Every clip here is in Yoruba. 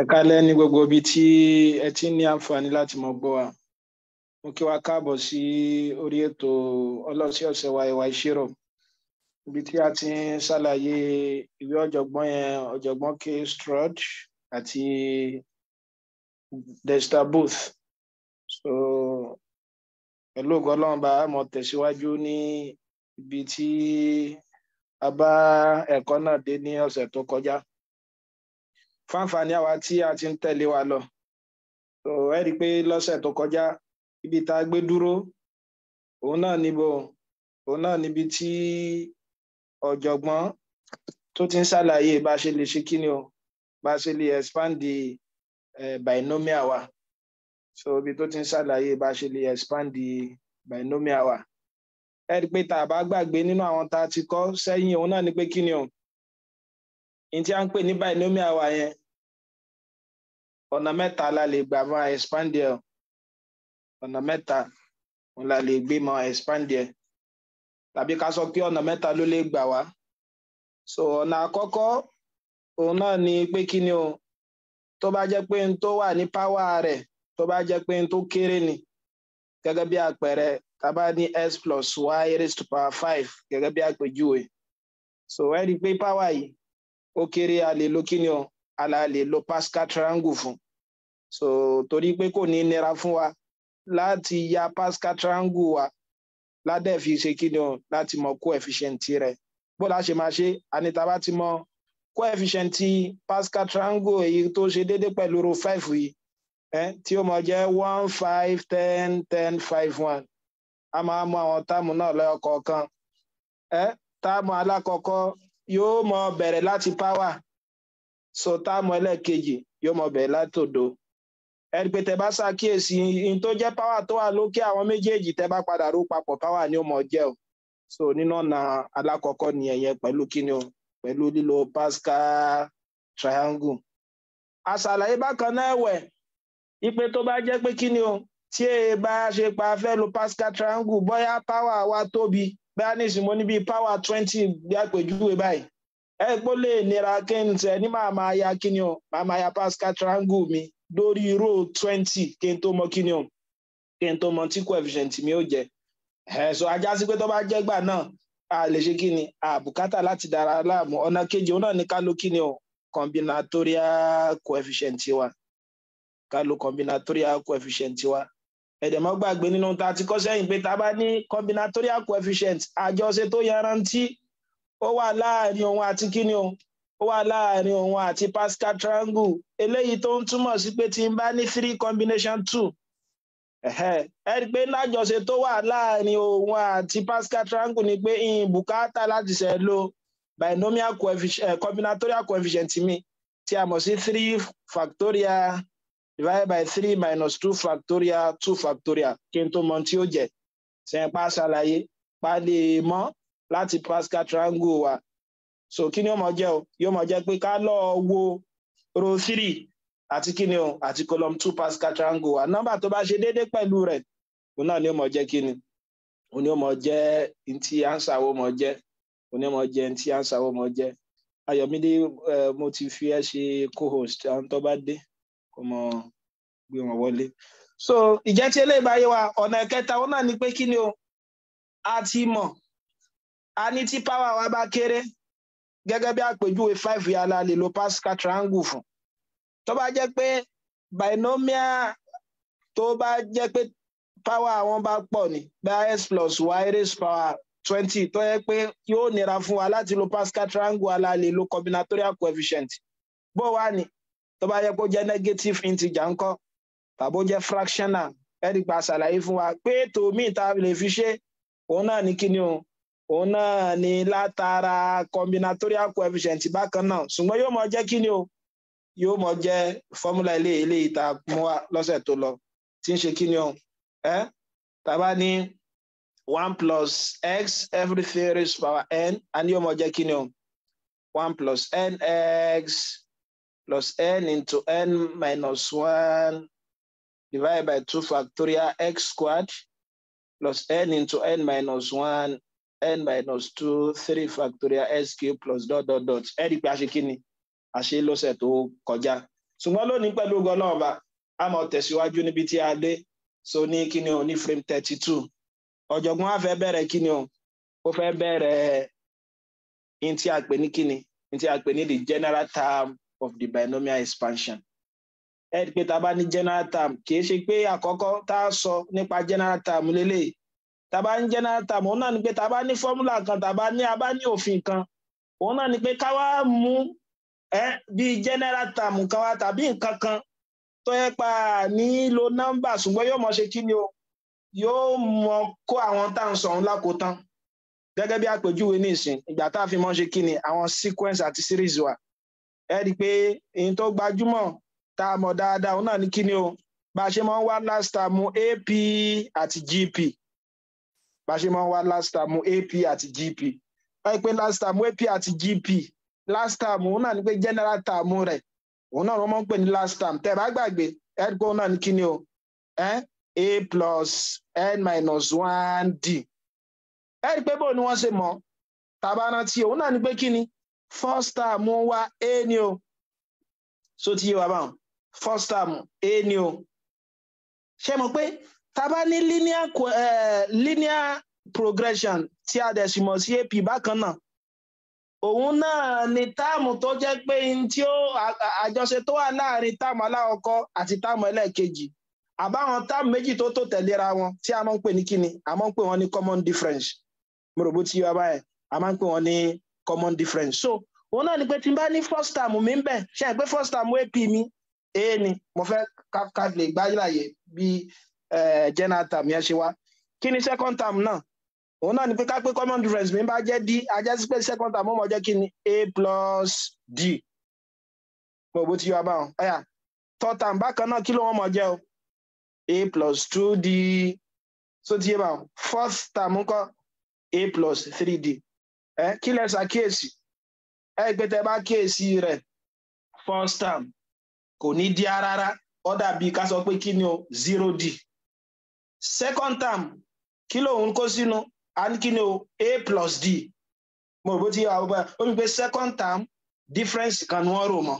ẹ kálẹ́ ní gbogbo ibi tí ẹ ti ní àǹfààní láti mọ gbọ́ wa mo kí wa káàbọ̀ sí orí ètò ọlọ́sẹ̀ ọ̀sẹ̀ wa ìwà ìṣirò ibi tí a ti ń ṣàlàyé ìwé ọ̀jọ̀gbọ́n yẹn ọ̀jọ̀gbọ́n k strud àti dexter booth so pẹ̀lú ògo Ọlọ́run bá a mọ̀ tẹ̀síwájú ní ibi tí a bá ẹ̀kọ́ náà dé ní ọ̀sẹ̀ tó kọjá fún àǹfààní àwa tí a ti ń tẹ̀lé wa lọ so ẹ rí i pé lọ́sẹ̀ tó kọjá ibi tá a gbé dúró òun náà níbo òun náà níbi tí ọ̀jọ̀gbọ́n tó ti ń ṣàlàyé bá a ṣe lè ṣe kí ni o bá a ṣe lè expand the binomial wa so ibi tó ti ń ṣàlàyé bá a ṣe lè expand the binomial wa ẹ rí i pé tá a bá gbàgbé nínú àwọn tá a ti kọ́ sẹ́yìn òun náà ni pé kí ni o tí a ń pè ní binomial wa yẹn ọ̀nà mẹ́ta la lè gbà máa expand ọ̀nà mẹ́ta la lè gbé tàbí ká sọ pé ọ̀nà mẹ́ta so ọ̀nà àkọ́kọ́ òun náà ni pé kí ni o tó bá jẹ́ pé n tó wà ní páwá rẹ̀ tó n tó kéré ni gẹ́gẹ́ bí àpẹẹrẹ ní to power five gẹ́gẹ́ bí àpèjúwe so rí i pé ó kéré a lè lo kíni o a la lè lo Pascal triangle fún so torí pé kò ní nira fún wa láti ya Pascal triangle wa ládẹ́ fi ṣe kíni o láti mọ coefficient rẹ̀ bó la ṣe máa ṣe anita bá ti mọ coefficient Pascal triangle èyí tó ṣe déédéé pẹ̀lú ro five yìí eh, tí ó mọ jẹ́ one five ten ten five one a máa mú àwọn táàmù náà lọ́kọ̀ọ̀kan eh, táàmù alákọ̀ọ́kọ́ yóò mọ bẹ̀rẹ̀ láti power sọta táàmù ẹlẹ́ẹ̀kejì yóò mọ bẹ̀rẹ̀ látòdo ẹni pé tẹ bá ṣàkíyèsí in tó jẹ́ power tó wà lókè àwọn méjèèjì tẹ bá padà rú papọ̀ power ni ó mọ jẹ́ o so nínú ọ̀nà alákọ̀ọ́kọ́ nìyẹn yẹn pẹ̀lú kíni o pẹ̀lú lílo Pascal triangle àṣàlàyé bákan náà ẹ̀wẹ̀ ipe tó bá jẹ́ pé kíni o tí èè bá ṣe pa fẹ́ lo Pascal triangle bóyá power wa tóbi bá ní ìsìn mo ní bíi power twenty bí àpèjúwe báyìí ẹ pé ó lè nira kí n ní máa ya kíni o màá máa ya Pascal triangle mi lórí row twenty kí n tó mọ kíni o kí n tó mọ tí coefficient mi ó jẹ ẹ sọ ajá sí pé tó bá jẹ́ gbà náà a lè ṣe kíni láti láàmú ọ̀nà wa ẹ̀dẹ̀mọ́ gbàgbé nínú ta ti kọ́ sẹ́yìn pé ta bá ní combinatorial coefficient àjọṣe tó yanrantí ó wà láàrin òun àti kíni o ó wà láàrin òun àti Pascal triangle eléyìí tó ń túmọ̀ sí pé tí n bá ní three combination two ẹ rí i pé lájọṣe tó wà láàrin òun àti Pascal triangle ni pé ìyìn bùkátà láti ṣe lo binomial coefficient eh, combinatorial coefficient mi tí a mọ̀ sí three factorial divided by three minus two factorial two factorial kí n tó mọ tí ó jẹ sẹ́yìnpá ṣàlàyé pálí mọ́ láti Pascal triangle wa so kí ni yóò mọ jẹ́ o yóò mọ jẹ́ pé ká lọ wo row three àti kí ni o àti column two Pascal triangle wa nọ́mbà tó bá ṣe déédéé pẹ̀lú rẹ̀ òun náà ni yóò mọ jẹ́ kí ni òun ni yóò mọ jẹ́ ntí ansa wo mọ jẹ́ òun ni yóò mọ jẹ́ ntí ansa wo mọ jẹ́ Ayọ̀mídé eh, mo ti fi ẹ́ ṣe co-host àwọn tó bá dé kó mọ gbé wọn wọlé. so ìjẹ́ tí eléyìí bá yé wa ọ̀nà ìkẹta ó náà ni pé kí ni o a ti mọ̀ a ní tí power wa bá kéré gẹ́gẹ́ bí àpèjúwe five yà la lè lo Pascal triangle fún tó bá jẹ́ pé binomial tó bá jẹ́ pé power àwọn bá pọ̀ ní bá x plus y raised power twenty tó yẹ pé yóò nira fún wa láti lo Pascal triangle a la lè lo combinatorial coefficient bó wà ní tó bá yẹ kó jẹ́ negative integer ńkọ́ tàbó jẹ́ fractional ẹ̀rí pa ṣàlàyé fún wa pé ètò míì tá a lè fi ṣe òun náà ní kíni o òun náà ni látara combinatorial coefficient bákan náà ṣùgbọ́n yóò mọ jẹ́ kíni o yóò mọ jẹ́ fọ́múlà ilé ilé ìta mú wa lọ́sẹ̀ tó lọ tí ń ṣe kíni o ẹ́ tàbá ní one plus x everything raised power n a ní yóò mọ jẹ́ kíni o one plus n x plus n into n minus 1 divided by 2 factorial x squared plus n into n minus 1 n minus 2 3 factorial x cube plus dot dot dot ẹ rí i pé a ṣe kí ni a ṣe lọ́sẹ̀ tó kọjá ṣùgbọ́n lónìí pẹ̀lú ogun ọlọ́ọ̀ba a máa tẹ̀síwájú níbi tí a dé so ní kí o ní frame thirty two ọ̀jọ̀gbọ́n á fẹ́ bẹ̀rẹ̀ kí o ó fẹ́ bẹ̀rẹ̀ ní tí a pè ní kí ní tí a pè ní the general term of the binomial expansion ẹ rí i pé tá bá ní general term kì í ṣe pé àkọ́kọ́ tá a sọ nípa general term lélẹ̀ tá bá ní general term òun náà ni pé tá bá ní formula kan tá a bá ní a bá ní òfin kan òun náà ni pé ká wá mú bí general term kan wá tàbí nǹkan kan tó yẹ pa nílò nọ́mbà ṣùgbọ́n yóò mọ̀ ṣe kí ni o yóò mọ̀ kó àwọn tá à ń sọ òun lákòótán gẹ́gẹ́ bí àpèjúwe ní ìsìn ìgbà tá a fi mọ̀ ṣe kí ni àwọn sequence àti series wa ẹ rí i pé èyí tó gbajúmọ̀ tá a mọ̀ dáadáa náà ní kíni o bá a ṣe máa ń wá last term AP àti GP bá a ṣe máa ń wá last term AP àti GP ẹ rí i pé last term AP àti GP last term òun náà ní pé general term rẹ̀ òun náà wọ́n máa ń pè ní last term tẹ́ bá gbàgbé ẹ pé òun náà ní kíni o eh? A plus N minus one D ẹ rí i pé bóun ni wọ́n ṣe mọ̀ tàbá òun náà ní pé kíni first term wa a ni o so ti yé wa báwọn first term a ni o ṣe mọ̀ pé tá ní linear uh, linear progression tí a dẹ̀ sì mọ̀ sí ap bákan náà òun náà ni táàmù tó jẹ́ pé n tí ó àjọṣe tó wà láàrin táàmù aláwọ̀kọ́ àti táàmù ẹlẹ́ẹ̀kejì àbáwọn táàmù méjì tó tó tẹ̀léra wọn tí a máa ń pè ní kíni a máa ń pè wọn ní common difference mo rò bó ti yọ abáyẹ a máa ń pè wọn ní common difference so òun náà ni pé tí n bá ní first time, mi ń bẹ̀ ṣe àìpé first term ap mi a ni mo fẹ́ ká lè gbáyàyè bí general term yẹn ṣe wá kí ni second time náà òun náà ni pé ká pé common difference mi bá jẹ́ d ajá sí pé second time ó mọ̀ jẹ́ kí ni a plus d mo bó ti yọ abáwọn ọ̀yà third time bákan náà kí ló wọ́n mọ̀ jẹ́ o a plus two d so ti yé báwọn fourth term ńkọ́ a plus three d ẹ eh, kí lẹ ṣàkíyèsí ẹ bá kíyèsí rẹ̀ first term kò ní dí rárá ó dàbí ká sọ pé kí ni o zero d second term kí kó sínú a kí o a plus d mo rò bó ti yà ó pé second term difference kan wọ́n rò mọ́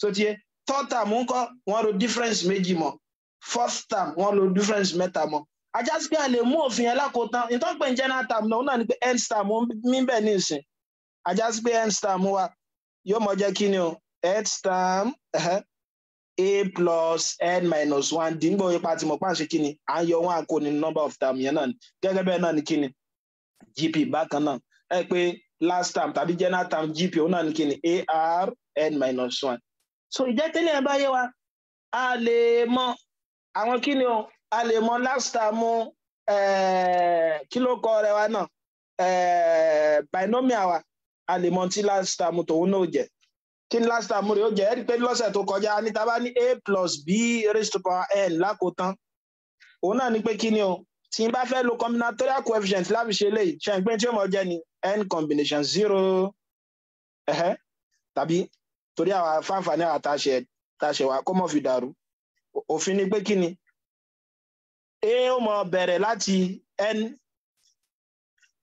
so tiẹ̀ third term ń kọ́ wọ́n rò difference méjì mọ́ fourth term difference mẹ́ta mọ́ ajásí pé a lè mú òfin alákòótán ìtọ́pẹ̀ ní general term náà náà ni pé end term mí bẹ̀ ní ìsìn ajásí pé end term wa yóò mọ jẹ́ kí ni o end term a plus n minus one dìgbò ipa tí mo pàṣẹ kí ni à ń yọ wọn àkó ní number of term yẹn náà ni gẹ́gẹ́ bẹ́ẹ̀ náà ni kí ni gp bákan náà ẹ pé last time tàbí general term gp òun náà ni kí ni ar n minus one so ìjẹ́tẹ́lẹ̀ ẹ bá yé wa a lè mọ àwọn kí ni o a lè mọ Blackstar mú eh, kí ló kọ rẹ wa náà eh, binomial wa a lè mọ tí Blackstar mú tòun náà jẹ kí ni Blackstar mú rẹ ó jẹ ẹ pé lọ́sẹ̀ tó kọjá ní tá ní a plus b raised to power n lákòótán òun náà ni pé kí ni o tí n bá fẹ́ lo combinatorial coefficient láti ṣe lè ṣe ìpín tí ó mọ̀ jẹ́ ni n combination zero tàbí torí àwọn afáǹfààní àtàṣe wa kó mọ̀ fi dàrú òfin ni pé kí ni a ó mọ bẹ̀rẹ̀ láti n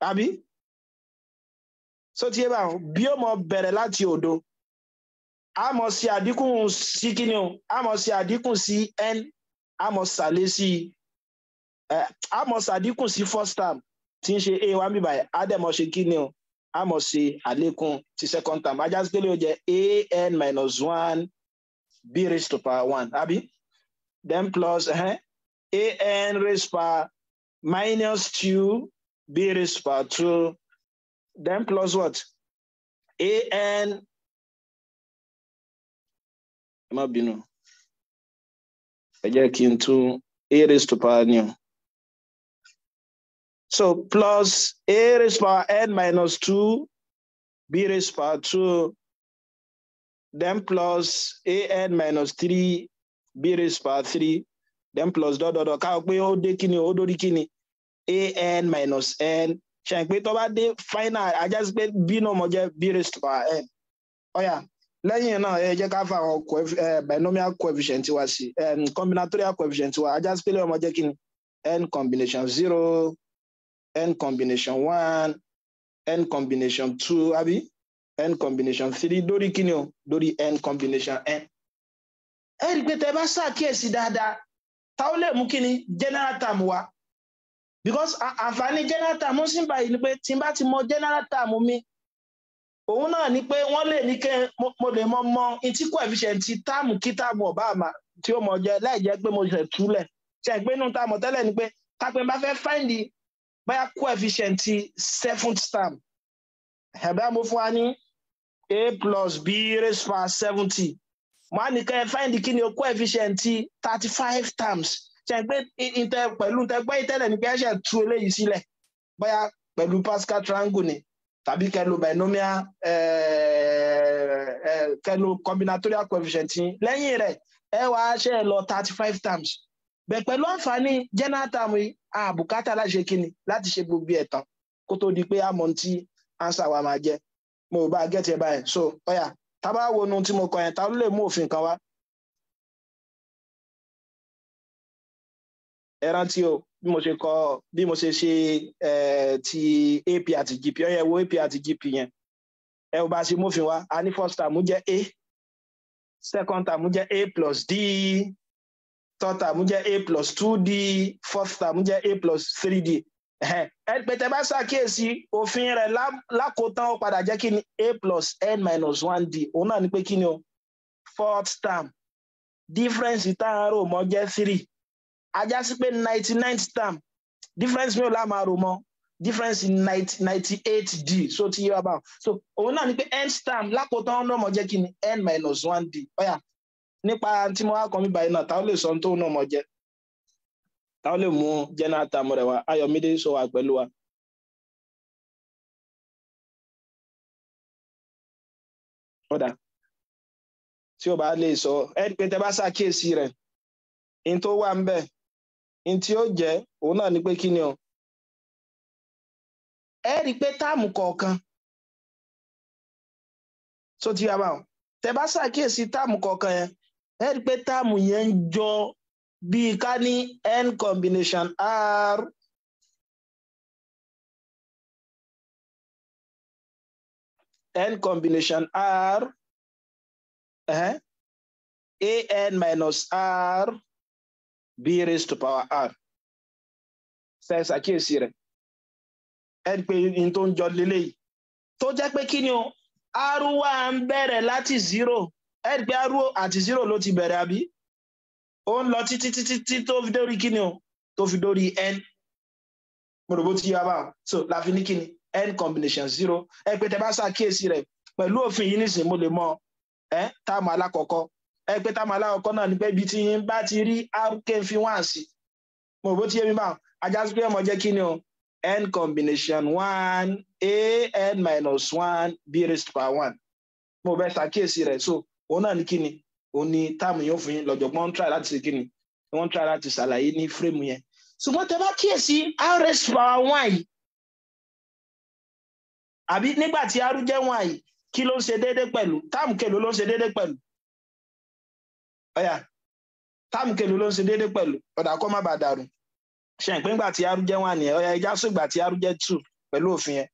àbí sótí ẹbà bí ó mọ bẹ̀rẹ̀ láti òdo a mọ sí àdínkù sí kíni o a mọ sí àdínkù sí n a mọ sàlẹ̀ sí a mọ sàdínkù sí first term tí ń ṣe a wá bíbà yìí a dẹ̀ mọ ṣe kíni o a mọ sí àlékún ti second term ajá sí pélé jẹ a n minus one b raised to power one àbí then plus. Uh -huh. an raised power minus 2b raised power 2, then plus what? an, am I being into a raised to power new. So plus a raised power n minus 2 b raised power 2 then plus a n minus 3 b raised power 3 then plus dot dot dot káwọ pé ó dé kíni ó dórí kíni an minus n ṣàyìn pé tó bá dé final ajásí pé b náà mọ jẹ b raised to power n ọyà lẹ́yìn náà ẹ jẹ́ ká fa àwọn eh, binomial coefficient wa sí eh, combinatorial coefficient wa ajásí pé lẹ́yìn ọmọ jẹ́ kíni n combination zero n combination one n combination two abi, n combination three dórí kíni o dórí n combination n. ẹ rí i pé tẹ bá ṣàkíyèsí dáadáa táwọn lè mú kí ni general term wa because àǹfààní general term ó sì ń báyìí ni pé tí n bá ti mọ general term mi òun náà ni pé wọ́n lè ní kẹ́ mo lè mọ mọ etí coefficient táàmù kí táàmù ọ̀bá àmà tí ó mọ jẹ láì jẹ́ pé mo ṣe túlẹ̀ ṣe pé inú táàmù tẹ́lẹ̀ ni pé tápẹ́ bá fẹ́ find báyà coefficient seventh term ẹ̀bá mo fún wa ní a plus b raised to seventy màá nìkan ẹ fáìndì kí ni o coefficient thirty five times ṣe pé ìtẹ pẹ̀lú ìtẹ gbẹ́ ìtẹ́lẹ̀ ní pé ẹ ṣe tú eléyìí sílẹ̀ bóyá pẹ̀lú Pascal triangle ni tàbí kẹlu binomial eh, eh, kẹlu combinatorial coefficient lẹ́yìn rẹ̀ ẹ wàá ṣe lọ thirty five times bẹ̀ pẹ̀lú àǹfààní general term àbùkátà láti ṣe kíni láti ṣe gbogbo ẹ̀ tán kó tó di pé àmọ́ ti answer wa máa jẹ́ mo bá gẹ́tì ẹ̀ báyìí so ọ̀yà. Oh tábà wo ohun tí mo kọ yẹn ta ló lè mú òfin kan wá. ẹ rántí o bí mo ṣe kọ bí mo ṣe ṣe ti AP àti GP ó yẹ wo AP àti GP yẹn ẹ ò bá ṣe mófin wá a ní first term jẹ́ A second term jẹ́ A plus D third term jẹ́ A plus two D fourth term jẹ́ A plus three D pété bá ṣàkíyèsí òfin rẹ̀ lákòótán ó padà jẹ́ kí ni a n minus d òun náà ni pé kí ni o fourth term difference tá à rò mọ́ jẹ́ ajá sí pé ninety ninth term difference mi ò lá máa rò mọ́ difference d so ti yé so òun náà ni pé term lákòótán ó náà n minus d nípa tí mo wá kọ́ mi báyìí náà táwọn lè sọ ohun ta ọ lè mú jẹ́nà Tamọ́rẹ̀wá Ayọ̀mídé Sowà pẹ̀lú wa. ọ̀dà tí o bá lè sọ ẹ pé tẹ bá ṣàkíyèsí rẹ̀ n tó wà ń n tí ó jẹ́ òun náà ni pé kí ni o ẹ rí i pé táàmù kọ̀ọ̀kan tó ti yá ọ tẹ bá ṣàkíyèsí táàmù kọ̀ọ̀kan ẹ bíi ká ní n combination r n combination r uh eh, -huh, an minus r b raised to power r ṣe ṣàkíyèsí rẹ̀ ẹ pé n tó ń jọ lélẹ́yìí tó jẹ́ pé kí ni o r wà ń bẹ̀rẹ̀ láti zero ẹ pé r àti zero ló ti bẹ̀rẹ̀ àbí ó ń lọ títí títí tí tó fi dórí kíni o tó fi dórí n mo rò bó ti yá báwọn so láfi ní kíni n combination zero ẹ pé tẹ bá ṣàkíyèsí rẹ pẹ̀lú òfin yìí nìsín mo lè mọ ẹ táàmù alákọ̀ọ́kọ́ ẹ pé táàmù alákọ̀ọ́kọ́ náà ní pé ibi tí yín bá ti rí rkn fi wá sí mo rò bó ti yé mi báwọn ajá sí ọmọ jẹ́ kíni o n combination one a n minus one b raised to power one mo bẹ ṣàkíyèsí rẹ so òun náà ní kíni ó ní táàmù yóò fún yín lọ́jọ̀gbọ́n ń try láti ṣe kí ni wọ́n ń try láti ṣàlàyé ní fírèmù yẹn ṣùgbọ́n tẹ bá kíyèsí rs power one yìí àbí nígbà tí r jẹ́ one yìí kí ló ń ṣe déédéé pẹ̀lú táàmù kèlò ló ń ṣe déédéé pẹ̀lú ọ̀yà táàmù kèlò ló ń ṣe déédéé pẹ̀lú ọ̀dà kọ́ má bàa dàrú ṣe pé ńgbà tí r jẹ́ one yẹn ọ̀yà ẹja sùn ìgbà tí r jẹ́ two pẹ̀lú òfin yẹn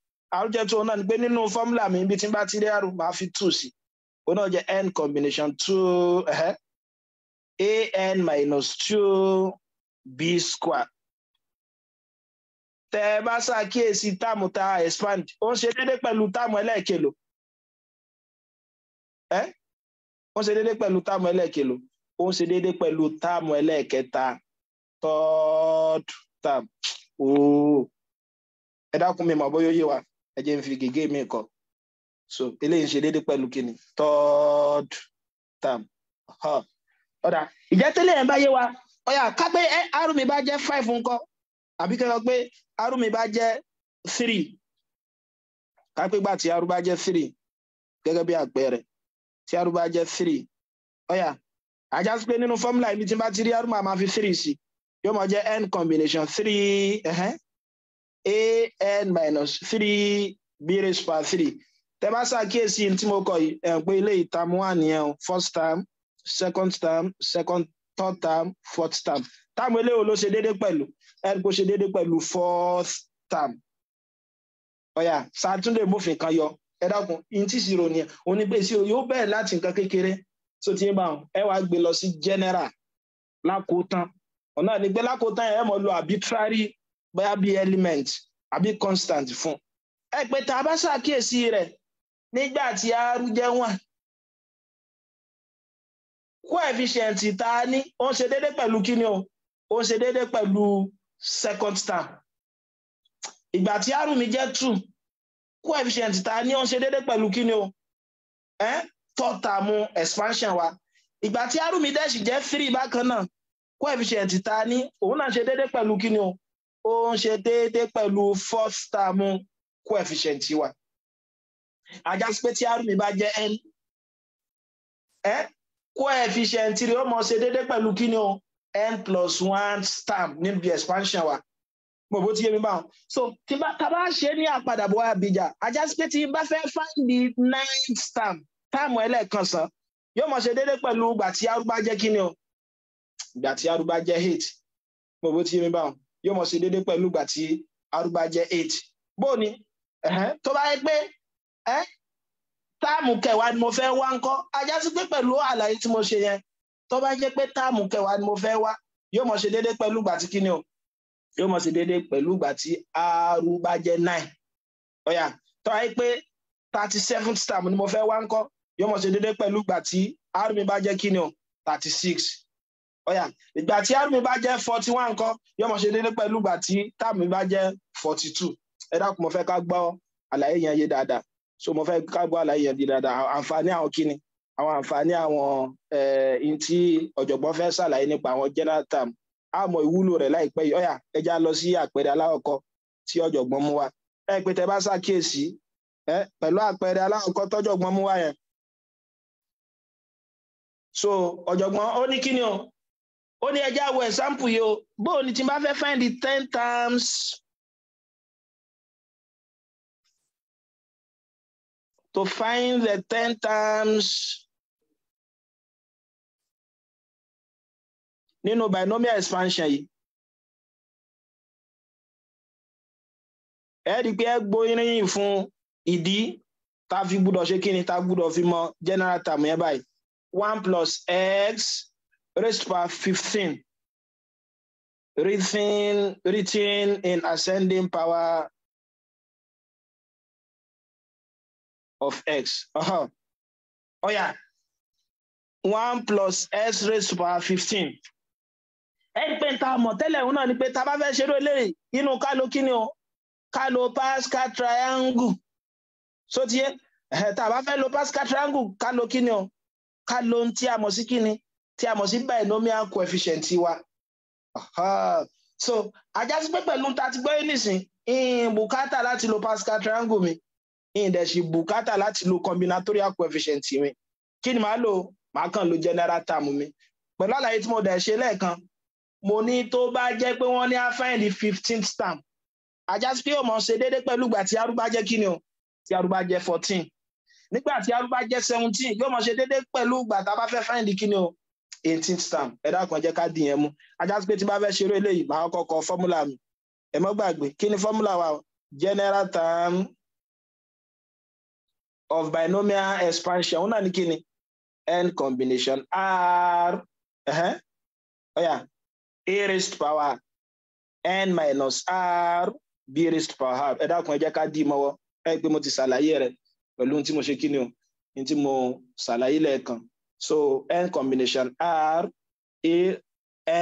r jẹ́ two náà ni pé nínú fọ́múlà mi ibi tí n bá ti rí r máa fi two sí i ó náà jẹ́ n combination two uh, an minus two b square tẹ ẹ bá ṣàkíyèsí expand ó ń ṣe déédé pẹ̀lú táàmù ẹlẹ́ẹ̀kẹlò ẹ ó ń ṣe déédé pẹ̀lú táàmù ẹlẹ́ẹ̀kẹlò ó ń ṣe déédé pẹ̀lú táàmù ẹlẹ́ẹ̀kẹta third term ooo ẹ dákun mi mọ̀ bóyá ó yé wa ẹ jẹ́ n fi gègé mi kọ́ so eléyìí ṣe déédéé pẹ̀lú kíni third term ọ̀dà ìjẹ́ tẹ́lẹ̀ ẹ̀ ń bá yé wa ọ̀yà ká pé arúmi bá jẹ́ five ńkọ́ àbí kẹ́kọ̀ọ́ pé arúmi bá jẹ́ three ká pé gbà tí arú bá jẹ́ three gẹ́gẹ́ bí àpẹẹrẹ tí arú bá jẹ́ three ọ̀yà ajá sí pé nínú fọ́múlà ibi tí bá ti rí arú màá máa fi three sí yóò máa jẹ́ n combination three uh -huh, a n minus three b raised power three tẹ bá ṣàkíyèsí tí mo kọ yìí ẹ pé ilé ìtàmú wà nìyẹn o first term second term second third term fourth term táwọn eléwo ló ṣe déédéé pẹ̀lú ẹ kó ṣe déédéé pẹ̀lú fourth term ọ̀yà sátúndé mòfin kan yọ ẹ dákun ìyìn tí ìṣirò nìyẹn òní pé ìṣirò yóò bẹ̀rẹ̀ láti nǹkan kékeré tó ti ń bá wọn ẹ wàá gbé lọ sí general lákòótán ọ̀nà ni pé lákòótán ẹ mọ̀ lo arbitrary bóyá bíi element àbí constant fún ẹ pé tá a bá ṣàkíyèsí rẹ̀ nígbà tí aru jẹ́ wọ́n coefficient tá a ní ó ń ṣe déédé pẹ̀lú kíni o ó ń ṣe déédé pẹ̀lú second star ìgbà tí aru mi jẹ́ two coefficient tá a ní ó ń ṣe déédé pẹ̀lú kíni o eh? third term expansion wa ìgbà tí aru mi dẹ́sì jẹ́ three bákan náà coefficient tá a ní òun náà ṣe déédé pẹ̀lú kíni o ó ń ṣe déédé pẹ̀lú fourth term coefficient wa ajá sí pé tí r mi bá jẹ́ n ẹ coefficient rẹ̀ ó mọ̀ ṣe déédé pẹ̀lú kí ni o n plus one stamp níbi expansion wa mo bó ti yé mi báwọn so tí bá tá bá ṣe ní àpadàbọ̀ àbíjà ajá sí pé tí bá fẹ́ find the ninth stamp táàmù ẹlẹ́ẹ̀kan sàn yóò mọ̀ ṣe déédé pẹ̀lú ìgbà tí r bá jẹ́ kí ni o ìgbà tí r bá eight mo bó ti yé mi báwọn yóò mọ̀ ṣe déédé pẹ̀lú ìgbà tí r bá jẹ́ eight bó ni tó bá yẹ pé ẹ́ táàmù kẹwàá ni mo fẹ́ wá ńkọ́ ajá sí pé pẹ̀lú àlàyé tí mo ṣe yẹn tó bá jẹ́ pé táàmù kẹwàá ni mo fẹ́ wá yóò mọ̀ ṣe déédéé pẹ̀lú ìgbà tí kíni o yóò mọ̀ ṣe déédéé pẹ̀lú ìgbà tí aaru bá jẹ́ nine ọ̀yà tó wáyé pé thirty seven táàmù ni mo fẹ́ wá ńkọ́ yóò mọ̀ ṣe déédéé pẹ̀lú ìgbà tí aaru mi bá jẹ́ kíni o thirty six ọ̀yà ìgbà tí aaru mi bá jẹ́ forty one ńkọ́ yóò mọ̀ ṣe déédéé pẹ̀lú ìgbà tí táàmù mi bá jẹ́ forty two ẹ dákun mo fẹ́ ká gbọ́ àlàyé yẹn yé dáadáa so mo fẹ́ kágbọ́ àlàyé yẹn di dáadáa àǹfààní àwọn kíni àwọn àǹfààní àwọn ntí ọ̀jọ̀gbọ́n fẹ́ ṣàlàyé nípa àwọn general term àmọ́ ìwúlò rẹ̀ láìpẹ́ yìí ọ̀yà ẹja lọ sí àpẹẹrẹ aláwọ̀kọ́ tí ọ̀jọ̀gbọ́n mú wa ẹ pé tẹ bá ṣàkíyèsí ẹ pẹ̀lú àpẹẹrẹ aláwọ̀kọ́ tọ́jọ̀gbọ́n mú wa yẹn so ọ̀jọ̀gbọ́n ó ní kíni o ó ní ẹja wo example yìí o bóò ni tí n bá fẹ́ find ten times. to find the 10 terms nínú binomial expansion yìí. ẹ rí i pé ẹ gbóríyìn fún ìdí tá a fi gbúdọ̀ ṣe kí ni tá gbúdọ̀ fi mọ general term yẹn báyìí one plus x raised to power fifteen written written in ascending power of x. Uh-huh. Oh yeah. 1 plus s raised to power 15. Ẹ pé ta mọ̀ tẹ́lẹ̀ òun náà ni pé ta bá fẹ́ ṣerú eléyìí nínú ká ló o? Ká Pascal triangle. Só ti yé ta bá fẹ́ lo Pascal triangle ká lo kí ni o? Ká lo ohun tí a mọ̀ sí kí ni? a mọ̀ sí binomial coefficient wa. So ajá sí pé pẹ̀lú ta ti gbọ́ yé nìsín, ìbùkátà láti lo Pascal triangle mi ìdẹ̀sí bùkátà láti lo combinatorial coefficient mi kí ni màá lò màá kàn lo general term mi pẹ̀lú àlàyé tí mo dẹ̀ ṣe lẹ́ẹ̀kan mo ní tó bá jẹ́ pé wọ́n ní a find the fifteenth term ajá sí pé ó mọ̀ ṣe déédéé pẹ̀lú ìgbà tí arúgbá jẹ́ kí ni o tí arúgbá jẹ́ fourteen nígbà tí arúgbá jẹ́ seventeen yóò mọ̀ ṣe déédéé pẹ̀lú ìgbà tá a bá fẹ́ find kí ni o eighteenth term ẹ̀dá kan jẹ́ ká dì yẹn mú ajá sí pé tí bá fẹ́ ṣeré eléyìí màá kọ́kọ́ fọ́múlà mi ẹ gbàgbé kí ni fọ́múlà wa general term of binomial expansion una náà ní n combination r uh-huh. oh, yeah. a raised power n minus r b raised power half ẹ dákun ẹ jẹ́ ká dì í mọ́wọ́ ẹ pé mo ti ṣàlàyé rẹ̀ pẹ̀lú ohun tí mo ṣe kíni o ohun tí mo ṣàlàyé lẹ́ẹ̀kan so n combination r a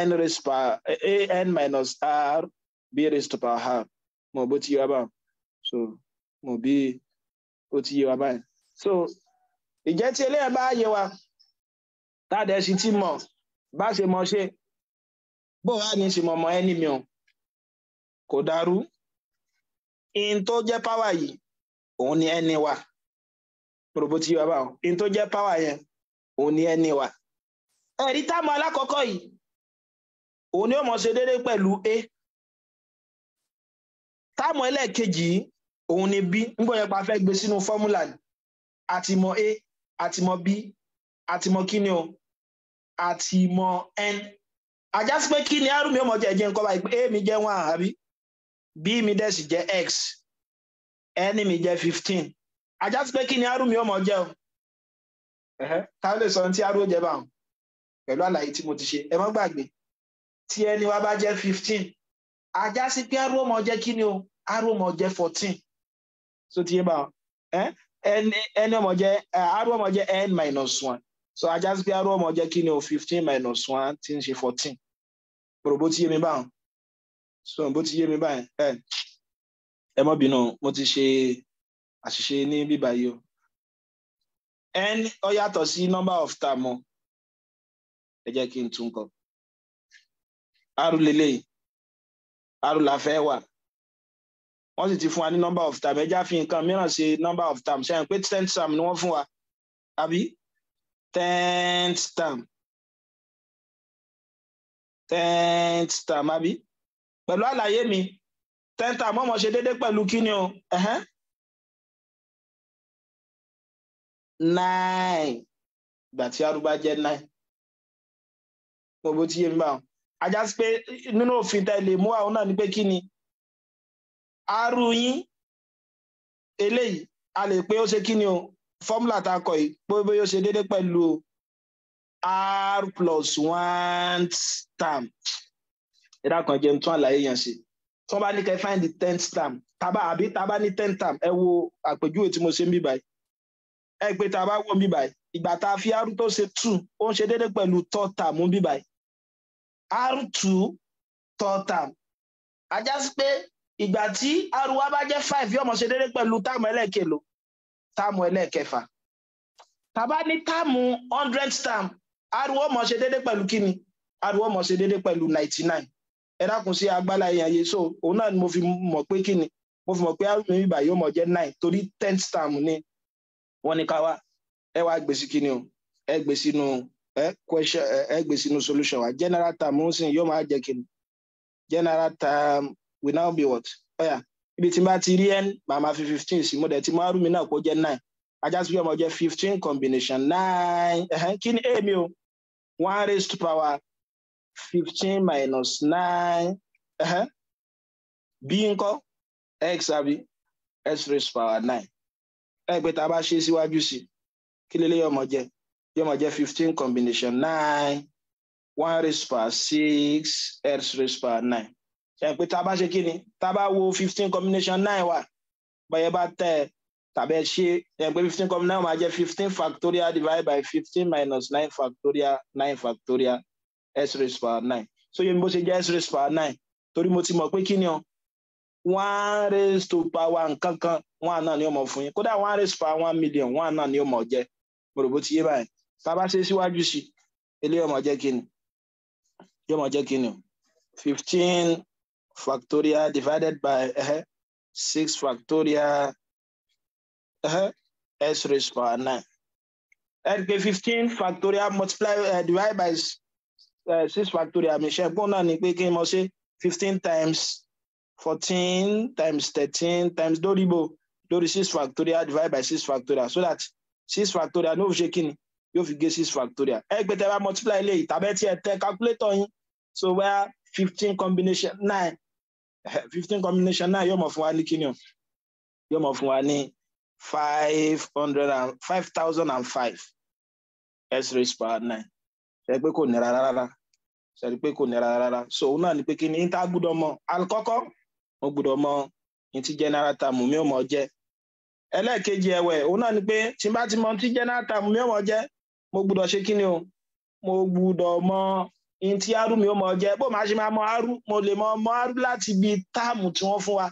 n raised power a n minus r b raised power mo bó ti yọ bá so mo bí ó ti yé wa báyìí so ìjẹ́ tí eléyà bá yé wa tádẹ sí ti mọ̀ bá ṣe mọ̀ ṣe bó wàá ní ṣe mọ̀mọ́ ẹni mi ò kò dàrú in tó jẹ́ páwà yìí òun ni ẹni wa pòròbó ti yé wa báwọn in tó jẹ́ páwà yẹn òun ni ẹni wa ẹ̀rí táàmù alákọ̀ọ́kọ́ yìí òun ni ó mọ̀ ṣe déédéé pẹ̀lú a táàmù ẹlẹ́ẹ̀kejì yìí òun ni b nígbà yẹn pa fẹ́ gbé sínú fọ́múlà àti mọ a àti b àti mọ kíni o àti n ajá sí pé kíni arúmi ọmọ jẹ jẹ nǹkan báyìí pé a mi jẹ one àbí b mi dẹ̀ sì jẹ x n mi jẹ fifteen ajá sí pé kíni arúmi ọmọ jẹ o táwọn lè sọ ní tí arú jẹ bá wọn pẹ̀lú àlàyé tí mo ti ṣe ẹ má gbàgbé tí ẹni wa bá jẹ fifteen ajá sí pé arú ọmọ jẹ kíni o arú ọmọ jẹ fourteen so ti yín bá n n ọmọ jẹ r ọmọ jẹ n minus one so ajá sí pé r ọmọ jẹ kí ni o fifteen minus one ti ń ṣe fourteen gbòòrò bó ti yé mi báwọn so bó ti yé mi báyìí ẹ ẹ mọ bínú mo ti ṣe àṣìṣe ní bíbá yìí o n ó yàtọ̀ sí number of term o ẹ jẹ́ kí n tún kọ r lélẹ́yìn r la wà wọ́n sì ti fún wa ní number of term ẹja fi nǹkan mìíràn ṣe number of term ṣẹ́yìn pé tenth term ni wọ́n fún wa àbí tenth term tenth term àbí pẹ̀lú àlàyé mi tenth term ọmọ ṣe déédéé pẹ̀lú kíni o nine ìgbà tí arúgbó jẹ́ nine mo bó ti yé mi báwọn ajá sí pé nínú òfin tẹ̀lé mú àwọn náà ní pé kí arú yín eléyìí a lè pé ó ṣe kí ni o fọ́múlà tá a kọ yìí pé bóyá ó ṣe déédé pẹ̀lú o r plus one term ìdá kan jẹun tún àlàyé yẹn ṣe tí wọ́n bá ní kẹ́ find the ten term tàbá àbí tàbá ní tenth term ẹ wo àpèjúwe tí mo ṣe ń bí báyìí ẹ pé tàbá wọ bí báyìí ìgbà tá a fi r tó ṣe two ó ń ṣe déédé pẹ̀lú third term ń bí báyìí r two third term ajá sí pé ìgbà tí aruwa bá jẹ́ five yóò mọ̀ ṣe déédéé pẹ̀lú táàmù ẹlẹ́ẹ̀kẹlò táàmù ẹlẹ́ẹ̀kẹfà tàbá ní táàmù hundred stamp aruwa mọ̀ ṣe déédéé pẹ̀lú kíni aruwa mọ̀ ṣe déédéé pẹ̀lú ninety nine ẹ dákun sí agbálá èèyàn yìí so òun náà ni mo fi mọ̀ pé kíni mo fi mọ̀ pé aruwa mi bá yóò jẹ́ nine torí ten stamp ni wọ́n ní ká wá ẹ wá gbèsè kíni o ẹ gbèsè nù ẹ question ẹ gbèsè nù solution wa general term ń sìn yóò máa jẹ́ kíni general term will now be what ọ̀yà oh, ibi tí n bá ti rí n màá ma fi fifteen sí mo dẹ̀ ti máa rú mi náà kó jẹ́ nine ajásí pé ọmọ jẹ́ fifteen combination nine ẹ̀hẹ́n kí ni èmi one raised to power fifteen minus nine ẹ̀hẹ́n b ńkọ́ x àbí x raised to power nine ẹ̀ pé tá a bá ṣe síwájú sí kí lélẹ́ yọmọ jẹ́ yọmọ jẹ́ fifteen combination nine one raised to power six S raised to power nine. ṣe pé tá bá ṣe kí ni bá wo fifteen combination nine wa bọ́yẹ bá taba tàbí ẹ ṣe ṣe pé fifteen combination nine máa jẹ́ fifteen factorial divided by fifteen minus nine factorial nine factorial x raised power nine so yẹ bó ṣe jẹ́ x raised power nine torí mo ti mọ̀ pé kí ni o one raised to power nkankan 1 one náà ni ó mọ̀ fún yín kódà one raised power one million one náà ni ó mọ̀ jẹ mo rò bó ti yé báyìí tá a bá ṣe síwájú sí i eléyìí ó mọ̀ jẹ́ kí ni yóò mọ̀ jẹ́ kí ni o fifteen factorial divided uh-huh, uh-huh, uh, by uh, 6 factorial uh, s raised power 9. And 15 factorial multiply uh, divided by uh, 6 factorial. Mi ṣe gbọ́n náà ni pé mọ̀ ṣe 15 times 14 times 13 times lórí bo lórí 6 factorial divided by 6 factorial so that 6 factorial ní ó fi ṣe kí no yóò you se 6 factorial. Ẹgbẹ́ tẹ bá multiply eléyìí I bet you tẹ calculator yín so where 15 combination 9 fifteen combination náà yóò mọ̀ fún wa ní kíni o yóò mọ̀ fún wa ní five hundred and five thousand and five x raised power nine ṣe pé kò nira rárá ṣe pé kò nira rárá so òun náà ni pé kíni ní tá gbúdọ̀ mọ̀ alikọ́kọ́ mo gbúdọ̀ mọ̀ ní ti general term mi ò mọ̀ jẹ́ ẹlẹ́ẹ̀kejì ẹ̀wẹ̀ òun náà ni pé tí n bá ti mọ̀ ti general term mi ò mọ̀ jẹ́ mo gbúdọ̀ ṣe kíni o mo gbúdọ̀ mọ̀ in tí arú mi ó mọ jẹ bó máa ṣe máa mọ arú mo lè mọ mọ arú láti ibi táàmù tí wọ́n fún wa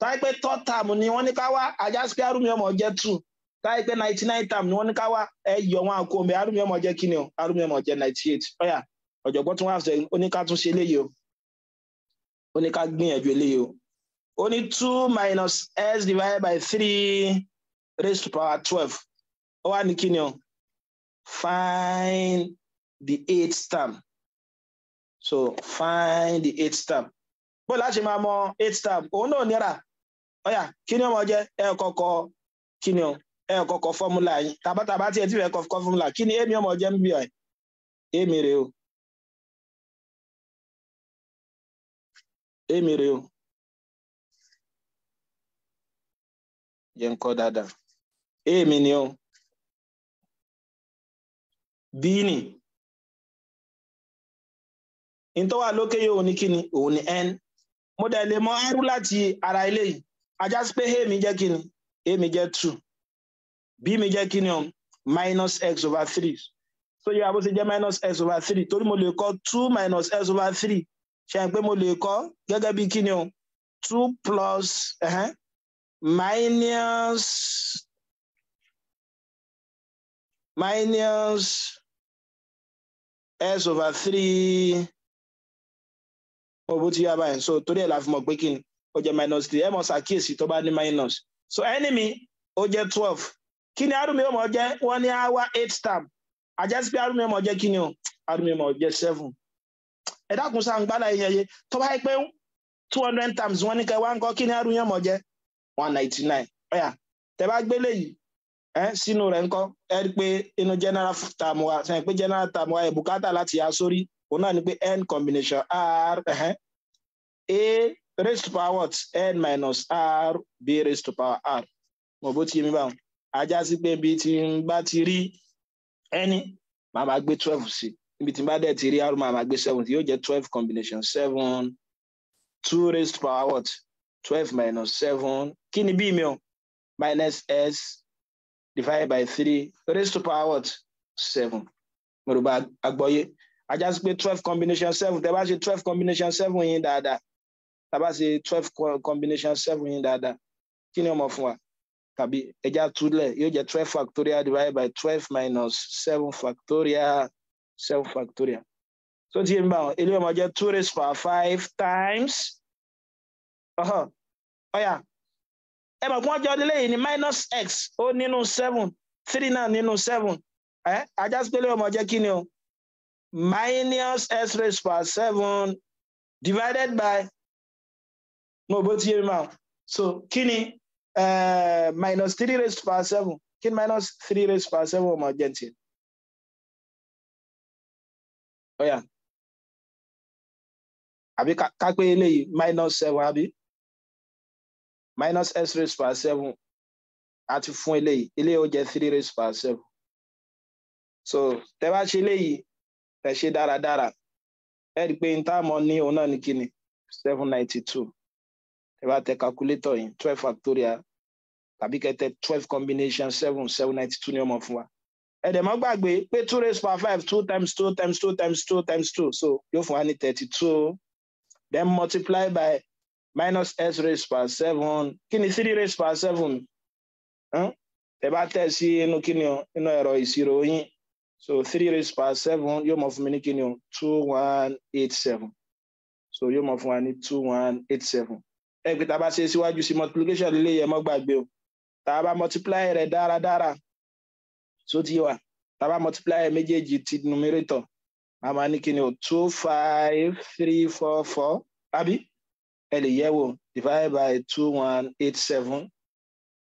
táyé pé third term ni wọ́n ní ká wá ajá sí pé arú mi ó mọ jẹ two táyé pé ninety nine term ni wọ́n ní ká wá ẹ yọ wọn àkó omi arú mi ó mọ jẹ kíni o arú mi ó mọ jẹ ninety eight ọyà ọ̀jọ̀gbọ́n tí wọ́n sọ oníká tún ṣe eléyìí o oníká gbìyànjú eléyìí o ó ní two minus s divided by three raised to power twelve ó wá ní kíni o find the eighth term. so find the eighth stamp bó láti máa mọ eighth stamp òun náà nira ọyà kí ni ọmọ jẹ ẹ kọkọ kí ni o ẹ kọkọ fọmúlà yín tabataba tí ti fẹ́ kọkọ fọmúlà kí ni èmi ọmọ jẹ ń bí ọ èmi rè o èmi rè o yẹn kọ dáadáa èmi ni o bí ni. ìtọ́ wà lókè yóò ní kíni òun ni n mo dẹ̀ lè mọ ẹrú láti ara eléyìí ajá sí pé a jẹ́ kíni a jẹ́ two b mi jẹ́ kíni o minus x over three so yóò abó ṣe jẹ́ minus x over three torí mo lè kọ́ two minus x over three ṣe pé mo lè kọ́ gẹ́gẹ́ bí kíni o two plus uh-huh, minus minus x over three. ọ̀bù ti so torí ẹ̀ la fi kí ni ó jẹ́ minus so enemy ó jẹ́ twelve kí ni arúmi ọmọ jẹ́ wọ́n ní eight term àjẹsí pé arúmi ọmọ jẹ́ kí ni o arúmi ọmọ jẹ́ seven ẹ dákun sáà ń two hundred times wọ́n ní kẹ́ wá ń kọ́ kí ni arúmi ọmọ one ninety nine ọ̀yà tẹ bá ẹ sínú ẹ general sẹ́yìn pé general ẹ̀ bùkátà láti yá òun náà ni pé n combination r uh-huh, a raised to power what n minus r b raised to power r mo bó ti yé mi báwọn ajá sí pé ibi tí n bá ti rí ẹni màá máa gbé twelve sí ibi tí n bá dẹ̀ ti rí r màá máa gbé seven yóò jẹ́ twelve combination seven two raised to power what twelve minus seven kí ni bí mi o minus s divided by three raised to power what seven mo rò bá agbọ́yé ajá sí pé twelve combination seven tẹ bá ṣe twelve combination seven yín dáadáa tá a bá ṣe twelve combination seven yín dáadáa kí ni ó máa fún wa tàbí ẹja túlẹ̀ yóò jẹ́ twelve factorial divided by twelve minus seven factorial seven factorial so tí yẹn bá wọn eléyìí ọmọ jẹ́ two raised power five times ọ̀yà ẹ mọ̀ fún ọjọ́ ilé yìí ni minus x ó nínú seven three náà nínú seven ajá sí pé eléyìí ọmọ jẹ́ kí ni o minus x raised to power seven divided by no, bó here yé mi so kí ni uh, minus three raised to power seven kí minus three raised to power seven ọmọ jẹ́ ti ọ̀yà àbí ká pé eléyìí minus seven àbí minus x raised to power seven àti fún eléyìí eléyìí ó jẹ́ three raised to power seven so tẹ́ bá ṣe eléyìí ẹ ṣe dáradára ẹ rí i pé ntaamọ ní òun náà ní kíni seven ninety two ẹ bá tẹ calculator yìí twelve factorial tàbí kẹtẹ twelve combination seven seven ninety two ní ọmọ fún wa ẹ dẹ̀ má gbàgbé pé two raised per five two times two times two times two times two so yóò fún wa ní thirty two then multiply by minus s raised per seven kí three raised per seven hm? ẹ bá tẹ̀ sí inú kí ni inú ẹ̀rọ ìṣirò yín so three raised power seven yóò mọ fún mi ní two one eight seven so yóò mọ one two one eight seven ẹ pé tá a bá ṣe síwájú sí multiplication lílé yẹn mọ́ gbàgbé o tá a bá multiply rẹ̀ eh, dáradára so ah, ti Taba multiply rẹ̀ méjèèjì ti numerator a máa ní two five three four four Abi. ẹ lè yẹ̀ divide by two one eight seven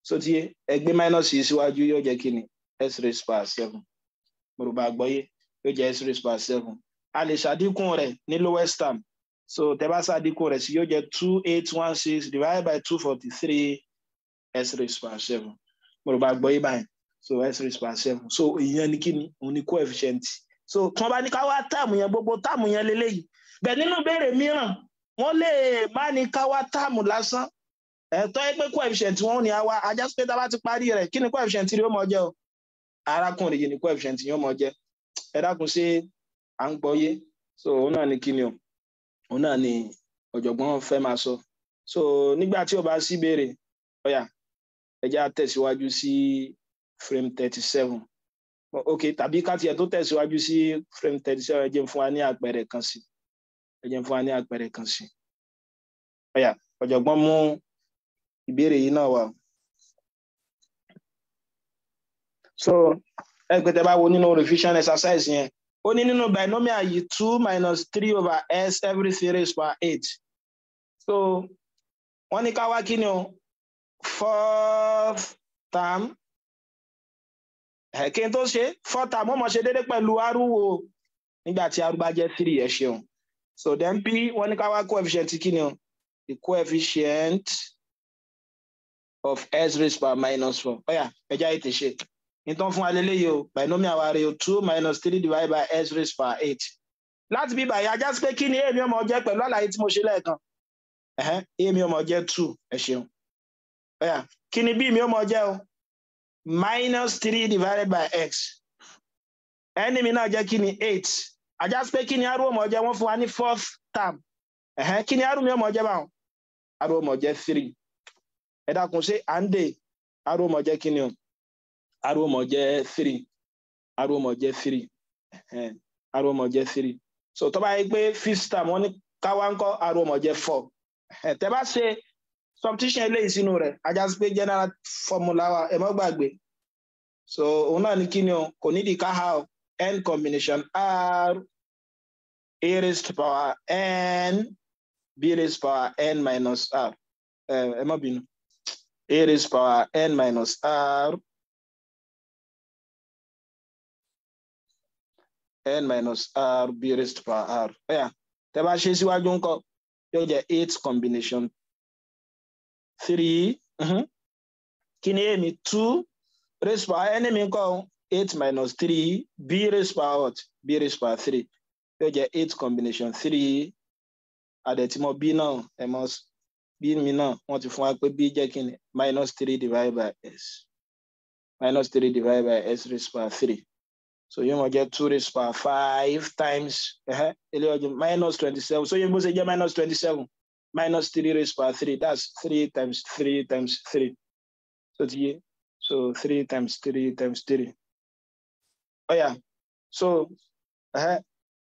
so ti Egbe minus yìí what you jẹ́ kíni S raised power seven yorùbá àgbọ́yé yóò jẹ́ series per seven a lè ṣàdínkù rẹ̀ ní lowest term so tẹ́ bá ṣàdínkù rẹ̀ sí yóò jẹ́ two eight one six divided by two forty three x raised seven yorùbá àgbọ́yé báyìí so x raised seven so ìyẹn ni kí ni òun ni coefficient so tí wọ́n bá ní ká wá táàmù yẹn gbogbo táàmù yẹn lélẹ́yìí bẹ́ẹ̀ nínú ìbéèrè mìíràn wọ́n lè má ní ká wá táàmù lásán ẹ̀tọ́ yẹ pé coefficient wọn ò ní àwa ajá sí pé tá a bá ti parí rẹ̀ kí ni coefficient rí ó mọ jẹ́ o arákùnrin yìí ní coefficient yìí ọmọ jẹ ẹ dákun ṣé à ń gbọ́ yé so òun náà ni kíni o òun náà ni ọ̀jọ̀gbọ́n fẹ́ máa sọ so nígbà tí o bá sí béèrè ọ̀yà ẹ jẹ́ á tẹ̀síwájú sí frame thirty seven ok tàbí ká tiẹ̀ tó tẹ̀síwájú sí frame thirty seven ẹ jẹ́ n fún wa ní àpẹẹrẹ kan sí ẹ jẹ́ n fún wa ní àpẹẹrẹ kan sí ọ̀yà ọ̀jọ̀gbọ́n mú ìbéèrè yìí náà wá o. so ẹgbẹ́ tẹ́ bá wo nínú revision exercise yẹn ó ní nínú binomial yìí two minus three over s every series by eight so wọ́n ní ká wá kí ni o fourth term kí n tó ṣe fourth term wọ́n mọ̀ ṣe déédéé pẹ̀lú arúgbó nígbà tí arúgbó jẹ́ three ẹ̀ ṣeun so then p wọ́n ní ká wá coefficient kí ni o the coefficient of s raised by minus four ó yá ẹja ètè ṣe. nítorí fún alẹ́lẹ́ yìí o binomial wa o two minus three divided by x raised by eight láti bí báyìí ajá sí pé kí ni èmi ọmọ jẹ́ pẹ̀lú àlàyé tí mo ṣe lẹ́ẹ̀kan èmi ọmọ jẹ́ two ẹ ṣeun kí ni b mi ọmọ jẹ́ o minus three divided by x ẹni mi náà jẹ́ kí ni eight ajá sí pé kí ni arú ọmọ jẹ́ wọ́n fún wa ní fourth term kí ni arú mi ọmọ jẹ́ báwọn arú ọmọ jẹ́ three ẹ dákun ṣe à ń dè arú ọmọ jẹ́ kí ni o. arúmọ̀ jẹ́ three arúmọ̀ jẹ́ three arúmọ̀ so tó bá fifth term wọ́n ní káwá ń kọ́ arúmọ̀ jẹ́ substitution so òun náà konidi kí ha n combination r a e raised power n b raised power n minus r emobinu a raised power n minus r. n minus r b raised to power r ó oh, yá tẹ́ bá ṣe síwájú ńkọ́ yóò jẹ́ eight combination three mhm. kí ni èmi two raised to power ẹni mi ńkọ́ eight minus three b raised to power what b raised to power three yóò jẹ́ eight combination three àdẹ̀tìmọ̀ b náà ẹ̀ mọ́ b mi náà wọ́n ti fún wa pé b jẹ́ kí ni minus three divided by s minus three divided by s raised to power three so you máa get two raised power five times eh, eléyìí ọjọ́ minus twenty seven so you must say jẹ́ minus twenty seven minus three raised power three that's three times three times three so three. so three times three times three Oh yeah. so eh,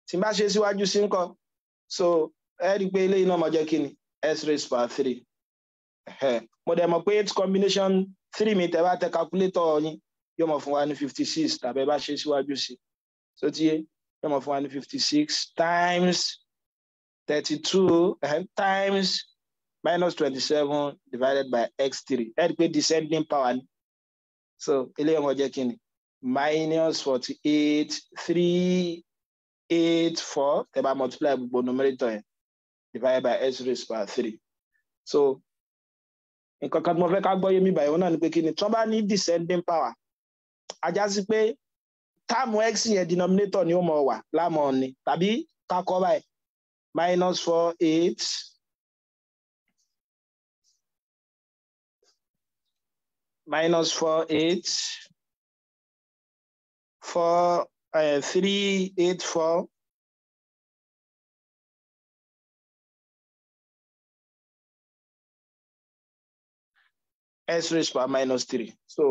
tí n bá ṣe síwájú sí nǹkan so ẹ rí i pé eléyìí náà máa jẹ́ kí ni s raised power three eh, mo dẹ̀ mọ̀ pé eight combination three mi tẹ̀ bá tẹ calculator yín yóò mọ̀ fún wa ní fifty six tàbí ẹ bá ṣe síwájú sí tó ti yé yóò mọ̀ fún wa ní fifty six times thirty two times minus twenty seven divided by x three ẹ rí pé descending power ni so eléyìí ọmọ jẹ́ kí ni minus forty eight three eight four tẹ bá multiply gbogbo numerator yẹn divided by x raised by three so nǹkan kan tí mo fẹ́ ká gbọ́ yé mi báyìí wọn náà ni pé kí ni tí wọ́n bá ní descending power ajá sí pé táàmù x yẹn denominator ni ó mọ wà lámọ̀ ni tàbí kakọ báyìí minus four eight minus four eight four uh, three eight four. x raised to power minus 3. So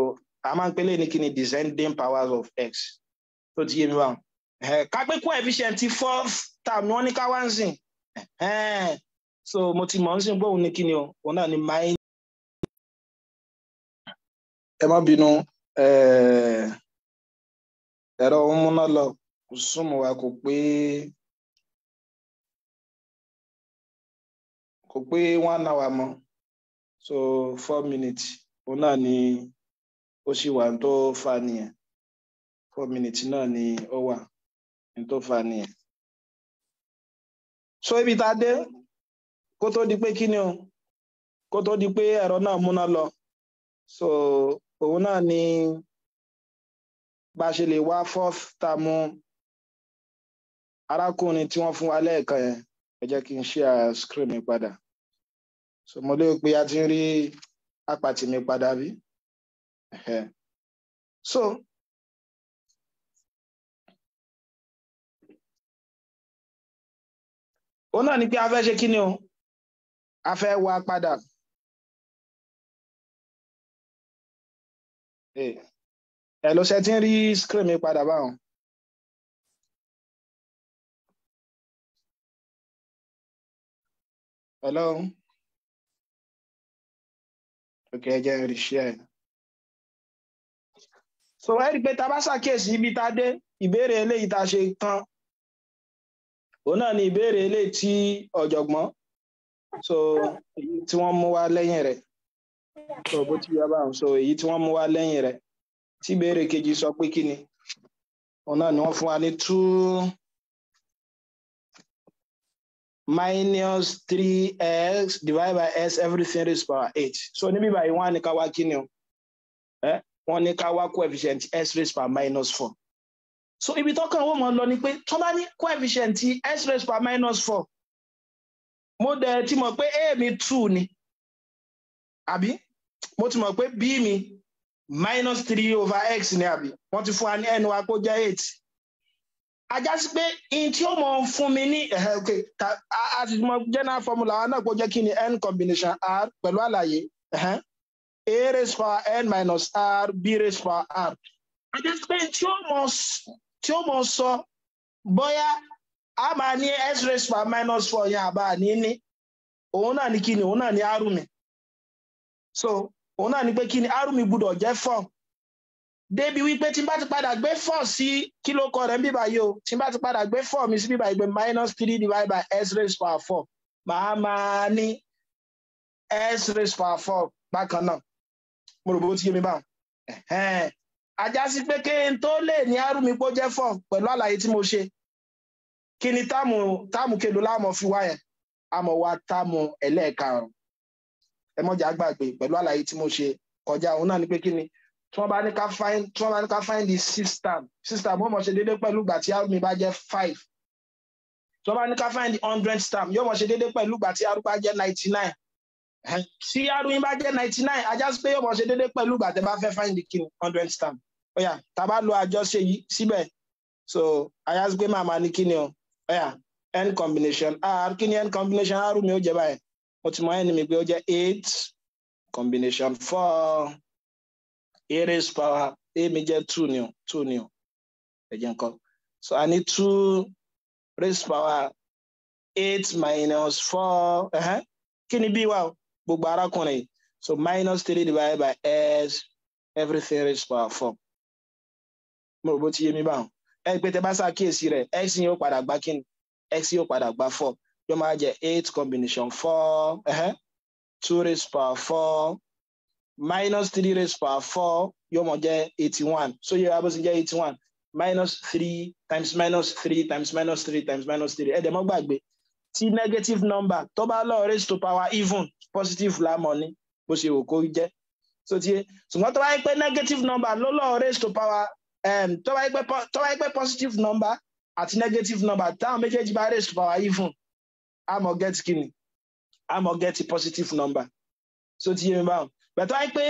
a máa ń pélé ní kíni descending powers of x tó ti yé mi báwọn kápẹ́ coefficient fourth term ni wọ́n ní ká wá ń sìn so mo ti mọ̀ ń sìn gbóhùn ní kíni o òun náà ni minus. ẹ má bínú ẹ̀rọ múná lọ kò súnmọ́ wa kò pé kò pé one hour mọ́ so four minutes òun náà ni ó sì wà ní tó fa nìyẹn four minutes náà ni ó wà ní tó fa nìyẹn. so ibi tá a dé kó tó di pé kí ni o kó tó di pé ẹ̀rọ náà múná lọ so òun náà ni bá a ṣe lè wá fourth tamu arákùnrin tí wọ́n fún wa lẹ́ẹ̀kan yẹn ẹ jẹ́ kí n share screen mi padà so mo lérò pé a ti ń rí àpàtì mi padà bí so òun náà ni pé a fẹ́ ṣe kí ni o a fẹ́ wá padà ẹ ló ṣe ti ń rí screen mi padà báwọn. Hello. Okay, again, share so ẹ rí i pé tá a bá ṣàkíyèsí ibi tá dé ìbéèrè eléyìí tá ṣe tán òun náà ni ìbéèrè eléyìí tí ọ̀jọ̀gbọ́n so èyí tí wọ́n mú wá lẹ́yìn rẹ̀ so bó ti yá báwọn so èyí tí wọ́n mú wá lẹ́yìn rẹ̀ tí ìbéèrè kejì sọ pé kí ni òun náà ni wọ́n fún wa ní two minus three x divided by x everything raised power eight so níbí báyìí wọ́n á ní ká wá kí ni o wọ́n ní ká wá coefficient x raised per minus four so ibi tọ́kàn wọ́n mọ̀ lọ ni pé tó bá ní coefficient x raised per minus four mo dẹ̀ ti mọ̀ pé a mi two ni àbí mo ti mọ̀ pé b mi minus three over x ni àbí wọ́n ti fún wa ní n wa kó jẹ́ eight ajá sí pé in tí ó mọ̀ fún mi ní eh, okay ta a ti mọ̀ general formula wa náà kó jẹ́ kí ni n combination r pẹ̀lú àlàyé. -huh eh, a raised power n minus r b raised power r. àjẹsípé tí ó mọ tí ó mọ sọ bóyá a máa ní s raised power minus four yẹn àbá ní ní òun náà ní kí ni òun náà ní arúmi so òun náà ní pé kí ni arúmi gbúdọ̀ jẹ́ four débi wípé tí n bá ti padà gbé four sí kí ló kọ rẹ̀ ń bíbá yìí o tí n bá ti padà gbé four mi sí bíbá yìí pé minus three divided by s raised power four màá máa ní s raised power four bákan náà mo rò bó ti yé mi báwọn àjásí pé kí n tó lè ní arúmipó jẹ́ fọ́ pẹ̀lú àlàyé tí mo ṣe kí ni táàmù táàmù kelo láàmú fi wá yẹn àmọ́ wa táàmù ẹlẹ́ẹ̀karùn-ún ẹ mọ̀jà gbàgbé pẹ̀lú àlàyé tí mo ṣe kọjá òun náà ni pé kí ni tí wọ́n bá ní ká find tí wọ́n bá ní ká find the sixth term sixth mọ̀ ṣe déédéé pẹ̀lú ìgbà tí arúmi bá jẹ́ five tí wọ́n bá ní ká find the hundredth term yóò mọ̀ ṣe déédéé pẹ̀lú ìgbà tí arúgbá jẹ́ ninety nine tí arúgbó bá jẹ́ ninety nine ajá sí pé yóò mọ̀ ṣe déédéé pẹ̀lú ìgbà tẹ́ bá fẹ́ find the king hundred stamp ọ̀yà tá a bá lo àjọṣe yìí síbẹ̀ so ajá sí pé máa ma ní kí ni o ọ̀yà n combination r kí n combination r mi ó jẹ báyìí mo ti mọ ẹni mi pé ó jẹ eight combination four a power a mi jẹ two ni o two ni o ẹ jẹ nǹkan so a ní two raised power eight minus four kí ni b wà o gbogbo arákùnrin so minus three divided by s everything raised to four mo rò bó ti yé mi báwọn ẹ pé tẹ bá ṣàkíyèsí rẹ x yóò padà gba kí ni x yóò padà gba four yóò máa jẹ eight combination four uh-huh. two raised to four minus three raised to four yóò mọ jẹ eighty one so yóò yà bó jẹ eighty one minus three times minus three times minus three times minus three ẹ dẹ̀ mọ́ gbàgbé tí negative number tó bá lọ raise to power even positive la mọ̀ ni bó ṣe wò kó jẹ́ so tiye ṣùgbọ́n tó bá yẹ pé negative number ló lọ raise to power um, tó bá yẹ pé positive number àti negative number táwọn méjèèjì bá raise to power even a mọ̀ get kíni a mọ̀ get positive number so tiye mi báwọn bẹ̀tọ́ yẹ pé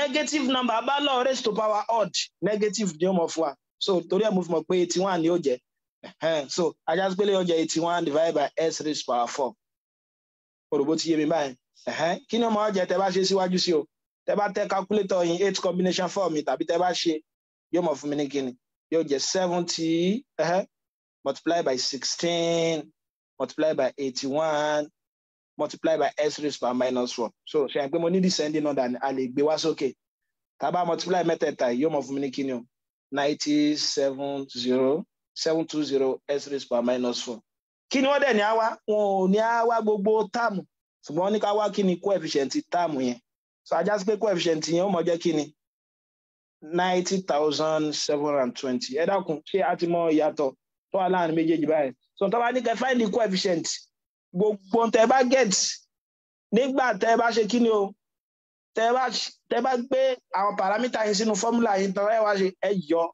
negative number bá lọ raise to power odd negative ni ó mọ̀ fún wa so torí ẹ̀ mo fi mọ̀ pé eighty one ni ó jẹ́ Eh, so ajá sí pé lè yọ jẹ́ eighty one divided by x raised power four òròbó ti yé mi báyìí kí ni ọmọ ọjẹ tẹ bá ṣe síwájú sí o tẹ bá tẹ calculator yín eight combination form. mi tàbí tẹ bá ṣe yóò mọ̀ fún mi ní kíni yóò jẹ́ seventy multiply by sixteen multiply by eighty one multiply by x raised power minus four so ṣe àgbẹ̀ mo ní descending order a lè gbé wá sókè tá a bá multiply mẹ́tẹ̀ẹ̀ta yóò mọ̀ fún mi ní kíni o ninety seven zero seven two zero x raised power minus four kí ni wọ́n dẹ̀ ní á wá wọn ò ní á wá gbogbo táàmù ṣùgbọ́n ní ká wá kí ni coefficient táàmù yẹn so ajá sí pé coefficient yẹn ó mọ jẹ́ kí ni ninety thousand seven hundred and twenty ẹ dákun ṣé a ti mọ ìyàtọ̀ tó wà láàrin méjèèjì báyìí so tó bá ní kẹ́ find the coefficient gbogbo tẹ bá get nígbà tẹ bá ṣe kí ni o tẹ bá gbé àwọn paramita yín sínú fọ́múlà yín tán ẹ wá ṣe ẹ yọ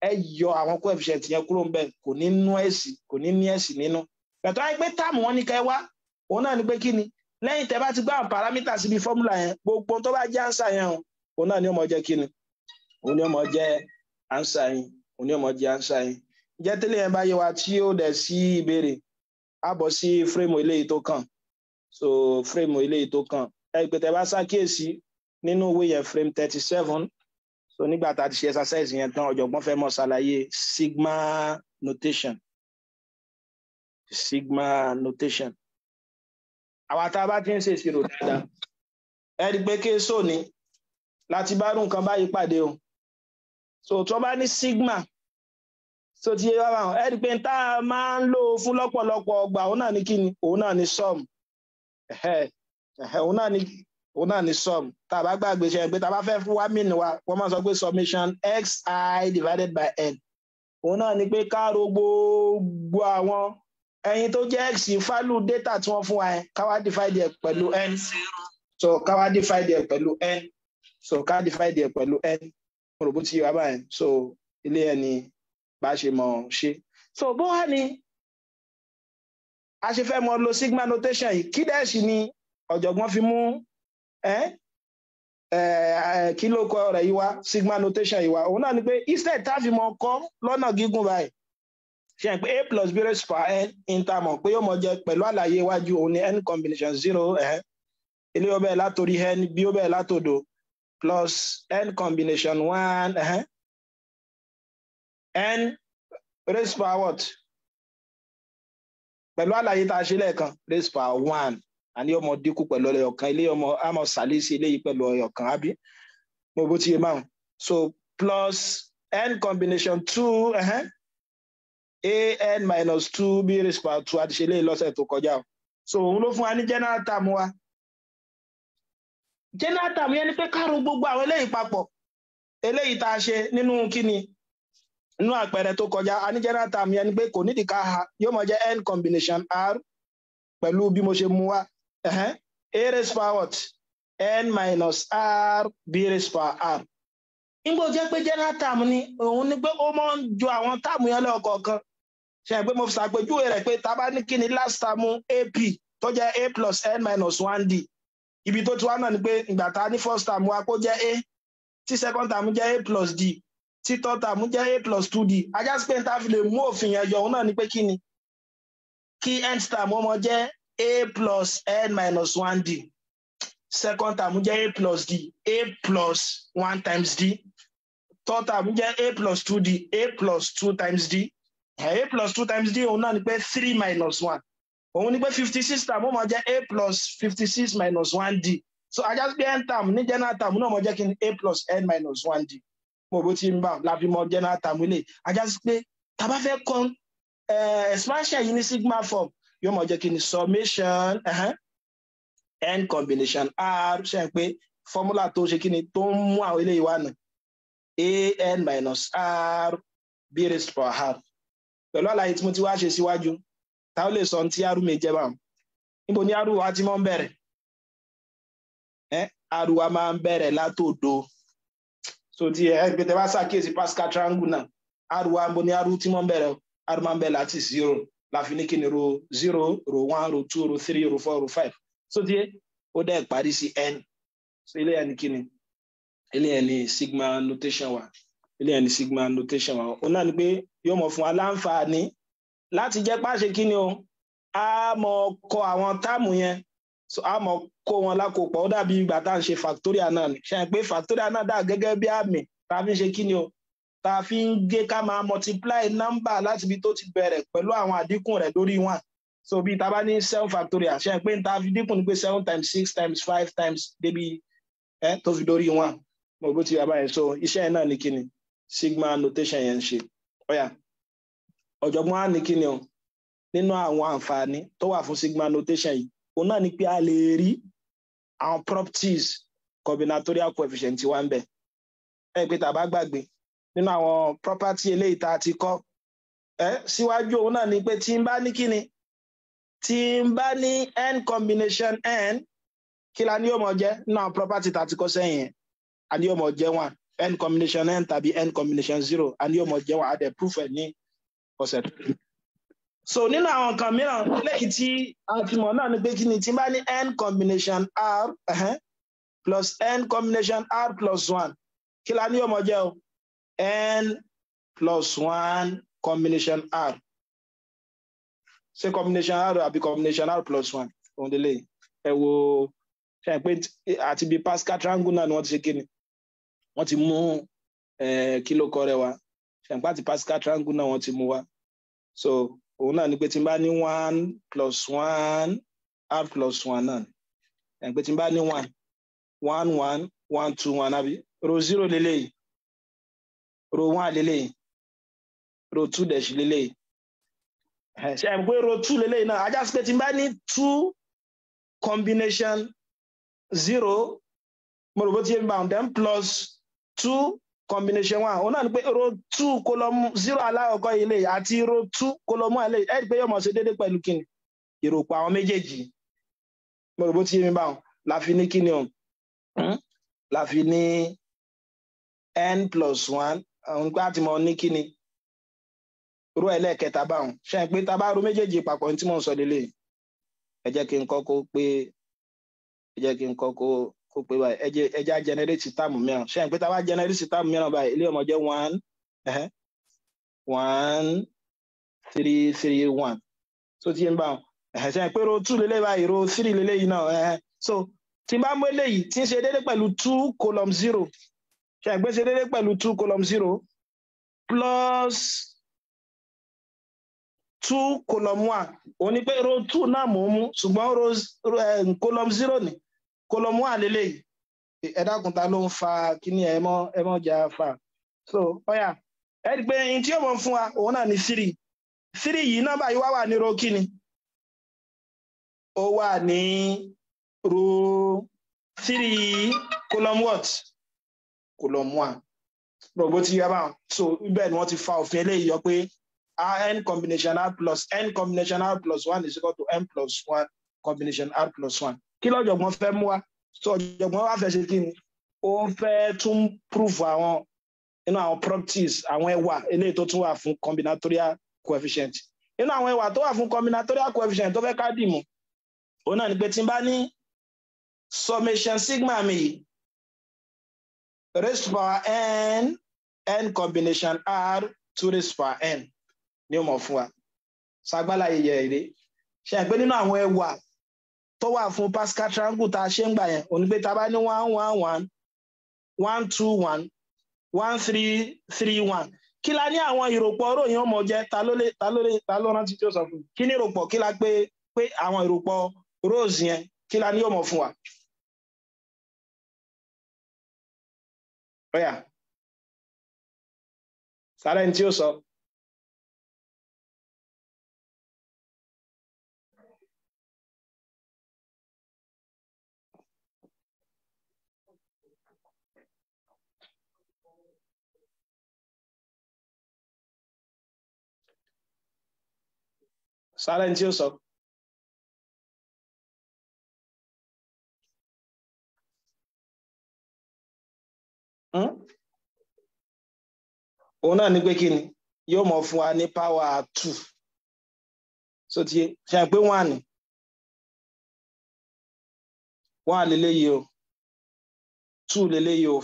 ẹ yọ àwọn coefficient yẹn kúrò ńbẹ̀ kò ní nú ẹ̀sìn kò ní ní ẹ̀sìn nínú pẹ̀tọ́ àìpé táàmù wọn ni kẹ́ wá òun náà ni pé kí ni lẹ́yìn tẹ́ bá ti gbá àwọn paramítà síbi fọ́múlà yẹn gbogbo tó bá jẹ́ ànsà yẹn o òun náà ni ó mọ kí ni òun ni ó mọ jẹ́ yẹn òun ni ó mọ jẹ́ yẹn jẹ́ tẹ́lẹ̀ yẹn bá yẹ wa tí ó dẹ̀ sí ìbéèrè á bọ̀ sí fírèmù eléyìí tó kàn so fírèmù eléyìí tó kàn ẹ̀ pé tẹ́ bá ṣàkíyèsí nínú ìwé yẹn fírèmù thirty seven so nígbà tá a ti ṣe exercise yẹn tán ọ̀jọ̀gbọ́n fẹ́ mọ̀ ṣàlàyé sigma notation sigma notation àwa tá a bá ti ń ṣe ìṣirò dáadáa ẹ rí i pé kéésò ni láti bá rú nǹkan báyìí pàdé o so tó bá ní sigma so ti yé wa báwọn ẹ rí i pé tá a máa ń lò fún lọ́pọ̀lọpọ̀ ọgbà òun náà ní kíni òun náà ní sum òun náà ní òun náà ni sum tá a bá gbàgbé ṣe pé tá a bá fẹ́ fún wá mìíní wa wọ́n máa sọ pé summation xi divided by n òun náà ni pé káàró gbogbo àwọn ẹyin tó jẹ́ x fálù data tí wọ́n fún wa yẹn káwá divide ẹ̀ pẹ̀lú n so káwá divide ẹ̀ pẹ̀lú n so ká divide ẹ̀ pẹ̀lú n mo rò ti yẹ báyìí so ilé ẹ̀ ni bá ṣe mọ̀ ṣe so bó wá ni a ṣe fẹ́ mọ lo sigma notation yìí kí dẹ́ẹ̀sì ni ọ̀jọ̀gbọ́n fi mú kí ló kọ rẹ̀ yìí wá sigma notation yìí wá òun náà ni pé instead tá a fi mọ kọ́ lọ́nà gígùn báyìí pé a plus b n mọ jẹ àlàyé iwájú òun ni n combination zero ilé yóò látòrí n bí plus n combination one n raise what àlàyé raise àní ọmọ dínkù pẹ̀lú ọ̀kan ilé ọmọ àmọ́ sàlẹ́sì eléyìí pẹ̀lú ọ̀kan àbí mo bó ti yé máa so plus n combination two uh-huh, an minus two b raised power two àti ṣe eléyìí lọ́sẹ̀ tó kọjá o so òun ló fún wa ní general term wa general term yẹn ni pé ká ro gbogbo àwọn eléyìí papọ̀ eléyìí tá a ṣe nínú kíni nínú àpẹẹrẹ tó kọjá a ní general term yẹn ni pé kò nídìí ká ha yóò mọ jẹ n combination r pẹ̀lú bí mo ṣe mú wa Uh-huh. A raised power what? N minus R B raised power R. Nígbà tó jẹ́ pé general term ni òun ni pé ó máa ń ju àwọn táàmù yẹn lọ́kọ̀ọ̀kan. Ṣé ẹ pé mo ṣàpèjúwe rẹ̀ pé tá a bá ní kí ni last term AP tó jẹ́ A plus N minus 1 D. Ibi tó ti wá náà ni pé ìgbà tá ní first term wa kó jẹ́ A tí second term jẹ́ A plus D tí third term jẹ́ A plus 2 D. Ajá sí pé n ta fi lè mú òfin yẹn yọ òun náà ni pé kí ni? Kí end term ọmọ jẹ́ a plus n minus one d second term jẹ́ a plus d a plus one times d third term jẹ́ a plus two d a plus two times d a plus two times d òun náà ni pé three minus one òun ni pé fifty six term ó máa jẹ́ a plus fifty six minus one d so ajá pé n term ní general term náà máa jẹ́ kí ni a plus n minus one d mo bó ti ń bá la fi mọ general term ilé ajá pé tá a bá fẹ́ kọ́ expansion yìí ní sigma form yóò máa jẹ́ kí ni summation uh n combination r ṣe ń pé fọ́múlà tó ṣe kí ni tó ń mú àwọn eléyìí wá nù an minus r b raised per r pẹ̀lú àlàyé tí mo ti wá ṣe síwájú ta ó lè sọ tí r mi jẹ́ báwọn níbo ni r wa ti máa ń bẹ̀rẹ̀ r wa máa ń bẹ̀rẹ̀ látòdo so ti ẹ pé tẹ bá ṣàkíyèsí Pascal triangle náà r wa níbo ni r ti máa ń bẹ̀rẹ̀ r máa ń bẹ̀rẹ̀ láti zero la fi ní kí ni ro zero ro one ro two ro three ro four ro five so tiye ó dẹ̀ parí sí n so ilé yẹn ni kí ni ilé ni sigma notation wa ilé yẹn ni sigma notation wa ó náà ni pé yóò mọ̀ fún wa láǹfààní láti jẹ́ pàṣẹ kí ni o a mọ̀ kọ àwọn táàmù yẹn so a mọ̀ kó wọn lákòópọ̀ ó dàbí ìgbà tá à ń ṣe factorial náà ni ṣe é pé factorial náà dà gẹ́gẹ́ bí àmì tá a fi ń ṣe kí ni o tá a fi ń gé ká máa multiply number láti ibi tó ti bẹ̀rẹ̀ pẹ̀lú àwọn àdínkù rẹ̀ lórí one so bí tá a bá ní seven factorial ṣe pé tá a fi dínkù ni pé seven times six times five times débi ẹ tó fi dórí one mo bó ti yàrá yẹn so iṣẹ́ yẹn náà ní kíni sigma notation yẹn ń ṣe ọ̀yà ọ̀jọ̀gbọ́n á ní kíni o nínú àwọn àǹfààní tó wà fún sigma notation yìí òun náà ni pé a lè rí àwọn properties combinatorial coefficient wa ń bẹ ẹ pé tá bá gbàgbé nínú àwọn property eléyìí tá a ti kọ́ ẹ síwájú òun náà ni pé tí n bá ní kíni tí n bá ní n combination n kí la ní yóò mọ jẹ nínú àwọn property tá a ti kọ́ sẹ́yìn yẹn a ní yóò mọ jẹ wọn n combination n tàbí n combination zero a ní yóò mọ jẹ wọn a dẹ̀ proof ẹ̀ ní ọ̀sẹ̀ tó so nínú àwọn nǹkan mìíràn léyìí tí a ti mọ̀ náà ni pé kí ni tí n bá ní n combination r plus n combination r plus one kí la ní yóò mọ jẹ o N plus one combination R. Ṣé combination R àbí combination R plus one? Òun délé ẹ wo ṣe pé àti bíi Pascal triangle náà ni wọ́n ti ṣe kíni. Wọ́n ti mú kílò kọ́ rẹ̀ Ṣe pé àti Pascal triangle náà wọ́n ti mú wá. So òun náà ni pé tí n bá ní one plus one R plus one náà. Ṣe pé tí n bá ní one one one one two one àbí ro zero lélẹ́yìí row one lélẹ̀ row two dash lélẹ̀ ṣe ẹ̀ pé row two lélẹ̀ náà ajá sí pé tí n bá ní two combination zero mo rò bó ti yẹ bá then plus two combination one òun náà ni pé row two column zero alákọ̀ọ́kọ́ ilé àti row two column one ilé ẹ̀ ẹ́ pé yóò mọ̀ ṣe déédéé pẹ̀lú kíni ìròpọ̀ àwọn méjèèjì mo rò bó ti yẹ mi báwọn la fi ní kíni o hmm? la fi ní n plus one òun pé àti mọ ní kíni rú ẹlẹ́ẹ̀kẹta báwọn ṣe ń pé tábà rú méjèèjì papọ̀ ní tí mò ń sọ lélẹ̀ ẹ jẹ́ kí n kọ́kọ́ pé ẹ jẹ́ kí n kọ́kọ́ kó pé báyìí ẹ jẹ́ ẹ jẹ́ á generate mìíràn ṣe ń pé tábà generate sítáàmù mìíràn báyìí ilé ọmọ jẹ́ one one three three one tó ti ń bá wọn ẹ̀hẹ̀ ṣe ń pé ro two lélẹ̀ báyìí ro three lélẹ̀ yìí náà so tí n bá mú eléyìí tí ń ṣe déédéé pẹ̀lú two column zero ṣe àgbẹ̀ṣe pẹ̀lú two column zero plus two column one òun ni pé row two náà mò ń mú ṣùgbọ́n column zero ni column one lélẹ́yìí ẹ ta ló ń fa kíní ẹ mọ́ fa so ọ̀yà ẹ rí i pé tí yóò mọ̀ fún wa òun náà siri siri yìí nọ́mbà yìí wá wà ní row ó wà ní row column kò lọ mú à gbogbo ti yá so ibẹ̀ ni wọ́n ti fa òfin eléyìí yọ pé n combination r plus n combination r plus one is equal to n plus one combination r plus one kí lọ́jọ̀gbọ́n fẹ́ mú wa so ọ̀jọ̀gbọ́n wa fẹ́ ṣe kí ni ó ń fẹ́ tún prove àwọn inú àwọn properties àwọn ẹwà eléyìí tó tún wà fún combinatorial coefficient inú àwọn ẹwà tó wà fún combinatorial coefficient tó fẹ́ ká dì mú òun náà ni pé tí n bá ní summation sigma mi yìí raised power n n combination r to raised power n ni ó mọ̀ fún wa sagbala yẹ èrè ṣe àgbẹ̀ nínú àwọn ẹwà tó wà fún Pascal triangle tá a ṣe ń gbà yẹn òní pé tá a bá ní one one one one two one one three three one kí la ní àwọn ìròpọ̀ ròyìn ọmọ jẹ́ ta ló lè ta ló lè ta ló rántí tí ó sọ fún kí ní ìròpọ̀ kí la pé pé àwọn ìròpọ̀ rose yẹn kí la ní ọmọ fún wa. 哎呀！杀人凶手！杀人凶手！Hmm? òun náà ní pé kí ni yóò mọ fún wa so ti ṣe pé wọn à ní o two o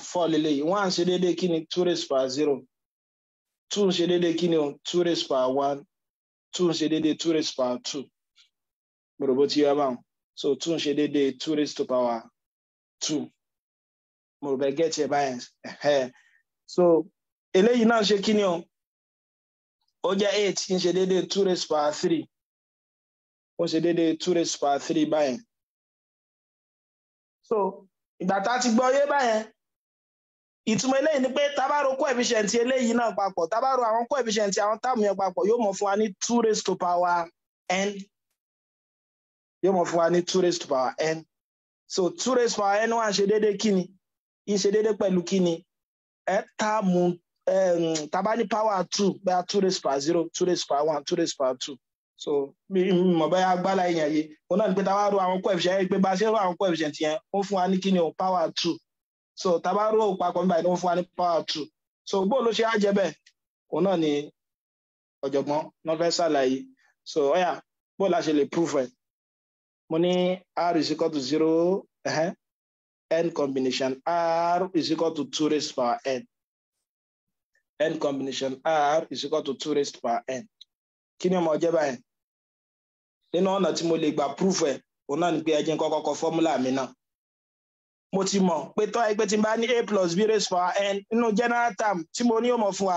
four lélẹyìí wọn ṣe déédéé kí ni two raised power zero two ṣe déédéé kí ni o two raised power one two ṣe déédéé two raised power two so two ṣe déédéé two raised to power two. maọbụ get your buyers so eléyìí náà ṣe kíni o ó jẹ́ eight ń ṣe déédéé two raised power three ó ṣe déédéé two raised power three báyẹn so ìgbà tá ti gbọ́ yé báyẹn ìtumọ̀ eléyìí ni pé tábàrò coefficient eléyìí náà papọ̀ tábàrò àwọn coefficient àwọn táàmù yẹn papọ̀ yóò mọ̀ fún wa ní two raised to power n yóò mọ̀ fún wa ní two raised to power n so two raised to power n wà ṣe déédéé ìṣe déédé pẹ̀lú kíni ẹ̀ta mu taba ní power two bẹ́ẹ̀ two raise power zero two raise power one two raise power two so mi mọ̀ bẹ́ẹ̀ agbára èèyàn yìí òun náà ní pé taba ro àwọn coefficient yẹn pé bá a ṣe ro àwọn coefficient yẹn ó fún wa ní kíni o power two so taba ro papọ̀ nígbà yìí ó fún wa ní power two so bó ló ṣe á jẹ bẹ́ẹ̀ òun náà ni ọ̀jọ̀gbọ́n náà fẹ́ so ọ̀yà bó la ṣe lè proof ẹ̀ mo ní r is equal to zero. Uh -huh n combination r is equal to 2 raised power n. n combination r is equal to 2 raised power n. kí ni ọmọ jẹ́ báyìí? nínú ọ̀nà tí mo lè gbà proof ẹ̀ òun náà ni pé ẹjẹ́ kọ́kọ́ kọ fọ́múlà mi náà. mo ti mọ̀ pé tọ́ ẹgbẹ́ tí n bá ní a plus b raised power n nínú general term tí mo ní òmò fún wa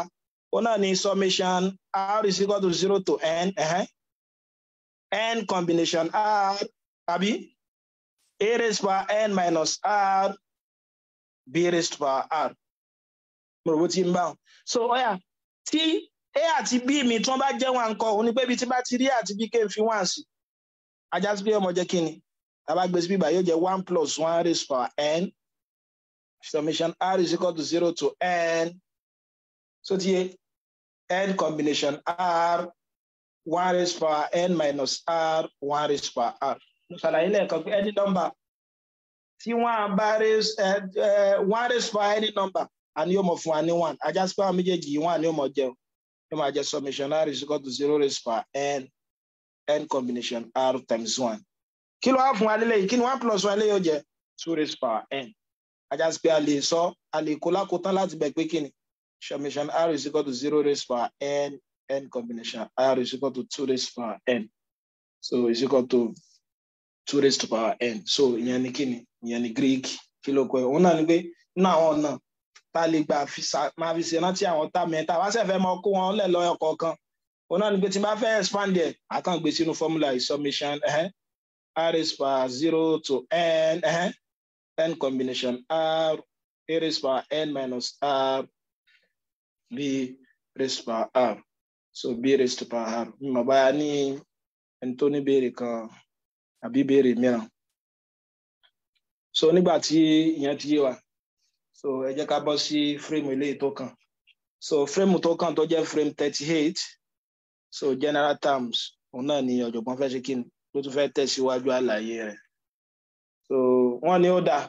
òun náà ni summation r is equal to zero to n n combination r tàbí a raised power n minus r b raised power r mo rò bó ti ń bá wọn so ọyà tí a àti b mi tí wọn bá jẹ wọn nǹkan òun ni pé ibi tí bá ti rí àti bí kéwìn fi wọn sí ajá sí pé ọmọ jẹ kí ni tàbá bíbá yóò jẹ one plus one raised power n summation r is equal to zero to n so ti yẹ n combination r one raised power n minus r one raised power r ṣàlàyé lẹ́ẹ̀kan pé any number tí wọ́n bá eh, eh, wọ́n raise for any number àní yóò mọ̀ fún wa ní one ajá sí pé àwọn méjèèjì yìí wọ́n àní yóò mọ̀ jẹun yóò máa jẹ summationary is equal to zero raise for n n combination r times one kí ló wá fún wa lélẹ̀ yìí kí ni one plus one lè yóò jẹ two raise for n ajá sí pé a lè sọ a lè kó lákòótán láti bẹ̀ pé kí ni summation r is equal to zero raise for n n combination r is equal to two raise for n so is equal to tourist power n, so ìyẹn ni kíni ìyẹn ni greek kí ló kọ ẹ òun náà ni pé nínú àwọn ọ̀nà tá a lè gbà máa fi ṣe rántí àwọn tá mẹ́ta wá sẹ́fẹ́ mọ kó wọn lẹ̀ lọ́yọ̀ kọ̀ọ̀kan òun náà ni pé tí n bá fẹ́ expand ẹ̀ àkàngbé sínú formula summation r is power zero to n n combination r a is power n minus r b is power r so b is power r mi mọ̀ báyà ní ẹni tó ní béèrè kan àbí ìbéèrè mìíràn so nígbà tí ìyẹn ti yé wa so ẹ jẹ́ ká bọ́ sí frame eléyìí tó kàn so frame tó kàn tó jẹ́ frame thirty eight so general terms òun náà ni ọ̀jọ̀gbọ́n fẹ́ ṣe kí ni ló tún fẹ́ tẹ̀síwájú àlàyé rẹ̀ so wọ́n ní ó dáa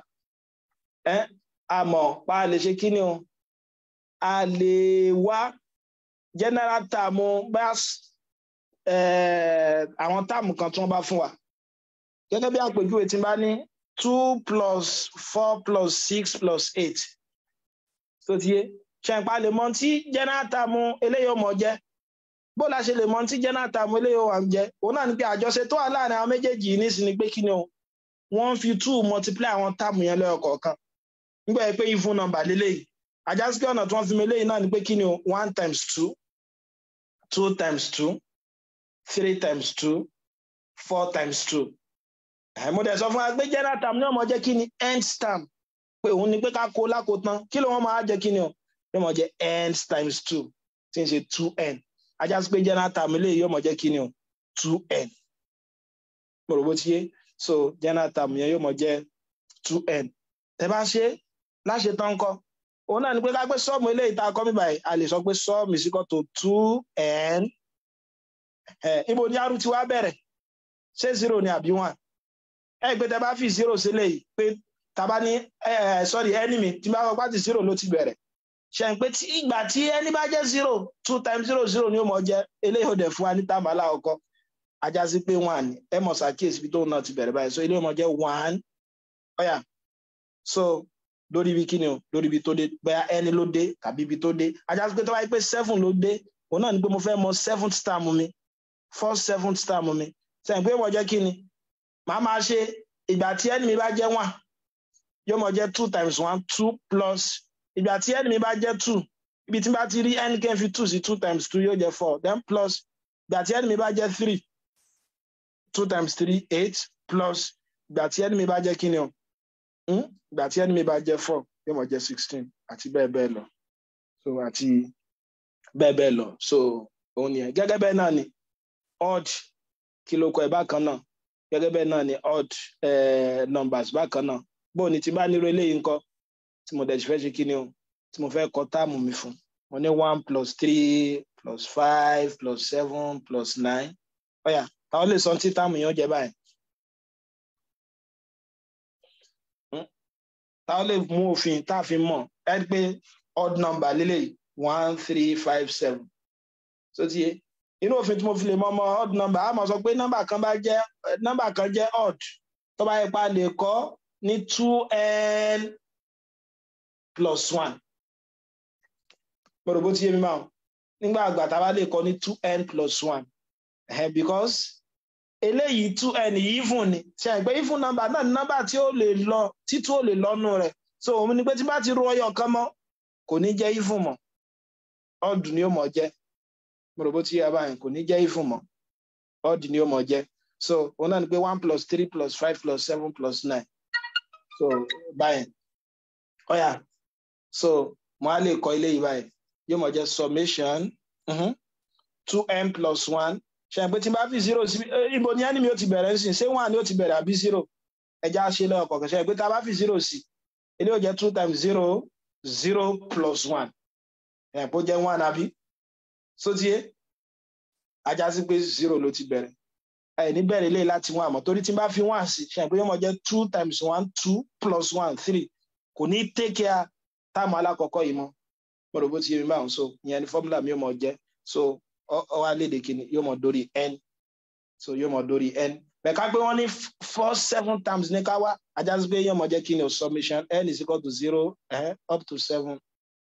ẹ àmọ́ pa lè ṣe kí ni o a lè wá general term bá àwọn táàmù kan tí wọ́n bá fún wa gẹ́gẹ́ bí àpèjúwe tí bá ní two plus four plus six plus eight tó ti yé ṣẹ̀ǹpa lè mọ tí general term eléyìí ọmọ jẹ́ bó la ṣe lè mọ tí general term eléyìí ọmọ jẹ́ òun náà ni pé àjọṣe tó wà láàrin àwọn méjèèjì yìí nísìnyí pé kí ni o wọ́n fi two multiply àwọn term yẹn lẹ́yọ kọ̀ọ̀kan nígbà yẹn pé even number lélẹ́yìí àjásíkẹ́ ọ̀nà tí wọ́n fi mi eléyìí náà ni pé kí ni o one times two two times two three times two four times two mo dẹ̀ sọ fún wa pé general term ní ọmọ jẹ́ kí ni end term pé òun ni pé ká kó lákòótán kí ló wọ́n máa jẹ́ kí ni o yóò mọ̀ jẹ́ n times two tí n ṣe two n ajá sí pé general term ilé yóò mọ̀ jẹ́ kí ni o two n mo rò bó ti yé so general term yẹn yóò mọ̀ jẹ́ two n tẹ bá ṣe láṣẹ tán kọ òun náà ni pé ká pé sọ́ọ̀mù ilé ìta kọ́ mi a lè sọ pé sọ́ọ̀mù ìsìkọ́ tó two n ibo ni arú ti wá ṣé zero ni àbí one ẹ pé tẹ bá fi zero sílẹ̀ yìí pé tàbá ní sorry enemy tí bá kọ pàtì zero ló ti bẹ̀rẹ̀ ṣe ń pé tí ìgbà tí ẹni bá jẹ́ zero two times zero zero ni ó mọ̀ jẹ́ eléyìí ò dẹ̀ fún wa ní tàbálà ọkọ ajásí pé one ni ẹ mọ̀ ṣàkíyèsí bí tóun náà ti bẹ̀rẹ̀ báyìí so eléyìí ò mọ̀ jẹ́ one ọ̀yà so lórí ibi kíni o lórí ibi tó dé bóyá ẹni ló dé tàbí ibi tó dé ajásí pé tó wáyé pé seven ló dé òun náà ni pé mo fẹ́ mọ̀ seventh star mu mi first seventh star mu mi ṣe ń pé wọ́n jẹ́ kíni màá máa ṣe ìgbà tí ẹni mi bá jẹ́ one yóò mọ jẹ́ two times one two plus ìgbà tí ẹni mi bá jẹ́ two ibi tí n bá ti rí ẹni kẹ́ two sí two times two yóò jẹ́ four then plus ìgbà tí ẹni mi bá jẹ́ three two times three eight plus ìgbà tí ẹni mi bá jẹ́ kíni o hmm? ìgbà tí ẹni bá jẹ́ four yóò mọ jẹ́ sixteen àti bẹ́ẹ̀ bẹ́ẹ̀ lọ so àti bẹ́ẹ̀ bẹ́ẹ̀ lọ so òun nìyẹn gẹ́gẹ́ bẹ́ẹ̀ náà ni odd kí ló kọ ẹ̀ bákan náà gẹ́gẹ́ bẹ́ẹ̀ náà ni odd eh, numbers bákan náà bó ni ti bá nírú eléyìí ńkọ́ tí mo dẹ̀jú fẹ́ ṣe kí ni o tí mo fẹ́ kọ táàmù mi fún mo ní one plus three plus five plus seven plus nine ọ̀yà táwọn lè sọ tí táàmù yẹn ó jẹ báyìí. Hmm? táwọn lè mú òfin tá a fi mọ̀ ẹ pé odd number lélẹ̀ one three five seven sótìyé. So, inú òfin tí mo fi lè mọ ọmọ odd number a máa sọ pé nọ́mbà kan bá jẹ́ nọ́mbà kan jẹ́ odd tó bá ipa lè kọ ní two n plus one mo rò bó ti yé mi máa nígbà àgbà tá a bá lè kọ ní two n plus one eh, because eléyìí two n even. fún ni ṣe àìpé pé ifun nọ́mbà náà ní nọ́mbà tí ó lè lọ títú ó lè lọ́nu rẹ̀ so òun ni pé tí bá ti ro ọyọ kan mọ́ kò ní jẹ́ ifun mọ́ ọdún ni ó mọ̀ jẹ́ mo rò bó ti yẹ abáyẹn kò ní jẹ́ ìfún mọ́ ọ́ọ̀dì ni ó mọ̀ jẹ́ so òun náà ni pé one plus three plus five plus seven plus nine so báyẹn ọ̀yà so mo á lè kọ ilé yìí báyìí yóò mọ̀ jẹ́ summation mhm. two m plus one ṣe pé tí n bá fi zero sí eh, ibo ni ẹni mi ó ti bẹ̀rẹ̀ nsìn ṣé one ni ó ti bẹ̀rẹ̀ àbí zero ẹja ṣe lọ́wọ́ kọ̀ọ̀kan ṣe pé tá a bá fi zero sí ilé ó jẹ́ two times zero zero plus one ẹ̀ bó jẹ́ one àbí sótíyé ajá sí pé zero ló ti bẹ̀rẹ̀ ẹ̀ ní bẹ̀rẹ̀ ilé láti wọn àmọ́ torí tí n bá fi one sí ṣe àpé mọ̀ jẹ́ two times one two plus one three kò ní take care táàmù alákọ̀ọ́kọ́ yìí mọ́ mo rò bó ti yé mi báwọn so ìyẹn ni formula mi yóò mọ̀ jẹ́ so ọ wá léde kìíní yóò mọ̀ dórí n so yóò mọ̀ dórí n bẹ́ẹ̀ ká pé wọ́n ní four seven times ní ká wá ajá sí pé yóò mọ̀ jẹ́ kí o summation n is equal to zero eh, up to seven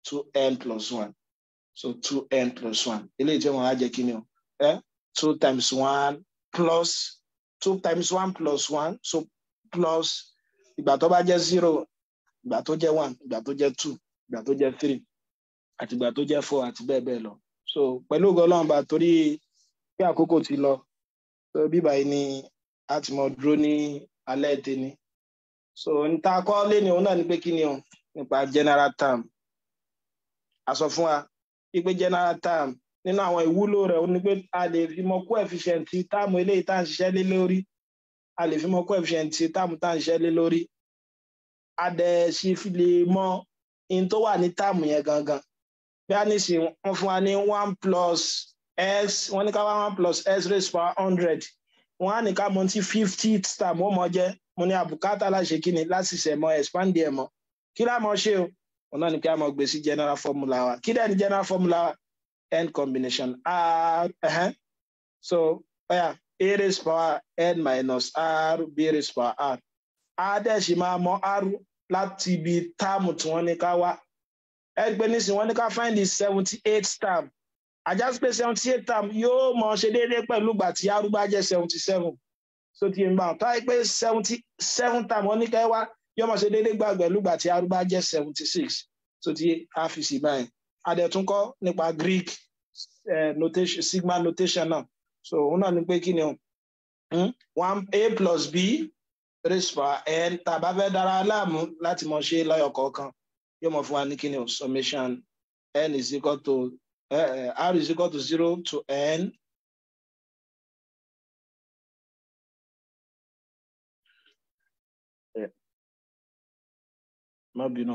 two n plus one so two n plus one eléyìí tí wọn á jẹ kí ni o ẹ two times one plus two times one plus one so plus ìgbà tó bá jẹ zero ìgbà tó jẹ one ìgbà tó jẹ two ìgbà tó jẹ three àti ìgbà tó jẹ four àti bẹ́ẹ̀ bẹ́ẹ̀ lọ so pẹ̀lú ògo Ọlọ́run bá torí pé àkókò ti lọ so bíbá yìí ni a ti mọ dúró ní alẹ́ tẹni so níta kọ́ lé ní òun náà ni pé kí ni o nípa general term a sọ fún wa wípé general term nínú àwọn ìwúlò rẹ̀ ó ní pé a lè fi mọ coefficient táàmù eléyìí tá à ń ṣiṣẹ́ lé lórí a lè fi mọ coefficient táàmù tá à ń ṣiṣẹ́ lé lórí a dẹ̀ sì fi lè mọ in tó wà ní táàmù yẹn gangan bí a nìsí wọ́n fún wa ní one plus s wọ́n ní ká wá one plus s raised power hundred wọ́n á ní ká mọ tí fifty táàmù ó mọ jẹ́ mo ní àbùkátà láṣẹ kí ni láti ṣẹ̀ mọ́ expand ẹ̀ mọ́ kí láà ṣe o òun ni kama a general formula wa kí dẹ́ni general formula wa n combination r uh-huh. so ọ̀yà a raised power n minus r b raised power r a dẹ̀ sì máa mọ r láti ibi táàmù tí wọ́n ní ká wá ẹgbẹ́ nísìnyí wọ́n ní ká find the seventy eight term just pé seventy eight term yóò mọ ṣe déédéé pẹ̀lú ìgbà tí arúgbó jẹ́ seventy seven so ti n bá wọn táyé seventy seven term wọ́n ní ká wá yóò máa ṣe déédéé gbà pẹ̀lú ìgbà tí arúgbó jẹ́ seventy six tó ti a fi sí báyìí adẹ̀túnkọ́ nípa Greek uh, notation, sigma notation náà so òun náà ni pé kí ni o hmm? one a plus b raised by n tàbá fẹ́ dára láàmú láti mọ̀ ṣe lọ́yọ̀ kọ̀ọ̀kan yóò mọ̀ fún wa ní kí ni o summation n is equal to uh, r is equal to zero to n má bínú.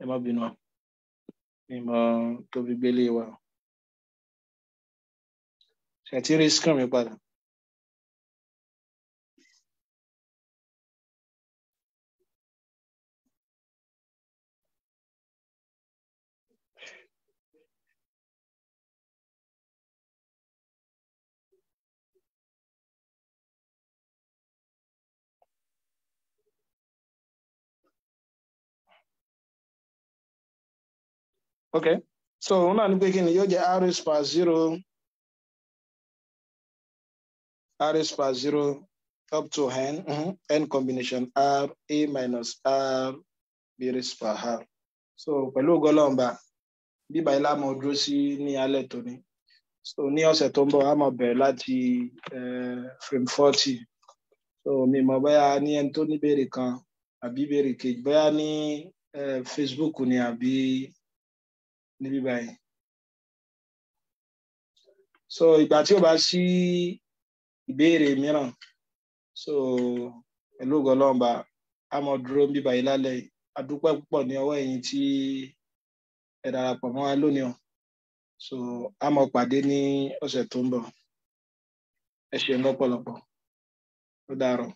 ẹ má bínú ìmọ̀ tó fi gbélé wa ṣàtìrí screen mi padà. Okay, so òun náà ní pé kí ni yóò jẹ r super zero r super zero up to n mm-hmm. n combination r a minus r b raised per r so pẹ̀lú ògọ́lọ́mba bíbá ilá mọ̀ dúró si ni alẹ́ tòní so ni ọ̀sẹ̀ tó ń bọ̀ a máa bẹ̀rẹ̀ láti frame forty so mi mọ̀ ya ni ẹni tó níbèrè kan àbí ìbéèrè ya ni ní Facebook ni àbí níbí báyìí so ìgbà tí ó bá sí ìbéèrè mìíràn so pẹ̀lú ògọlọmba a mọ dúró ń bíbá yìí lálẹ́ adúpẹ́ púpọ̀ ní ọwọ́ ẹ̀yin tí ẹ darapọ̀ mọ́ wa lónìí o so a mọ pàdé ní ọ̀sẹ̀ tó ń bọ̀ ẹ ṣeun lọ́pọ̀lọpọ̀ ó dàárọ̀.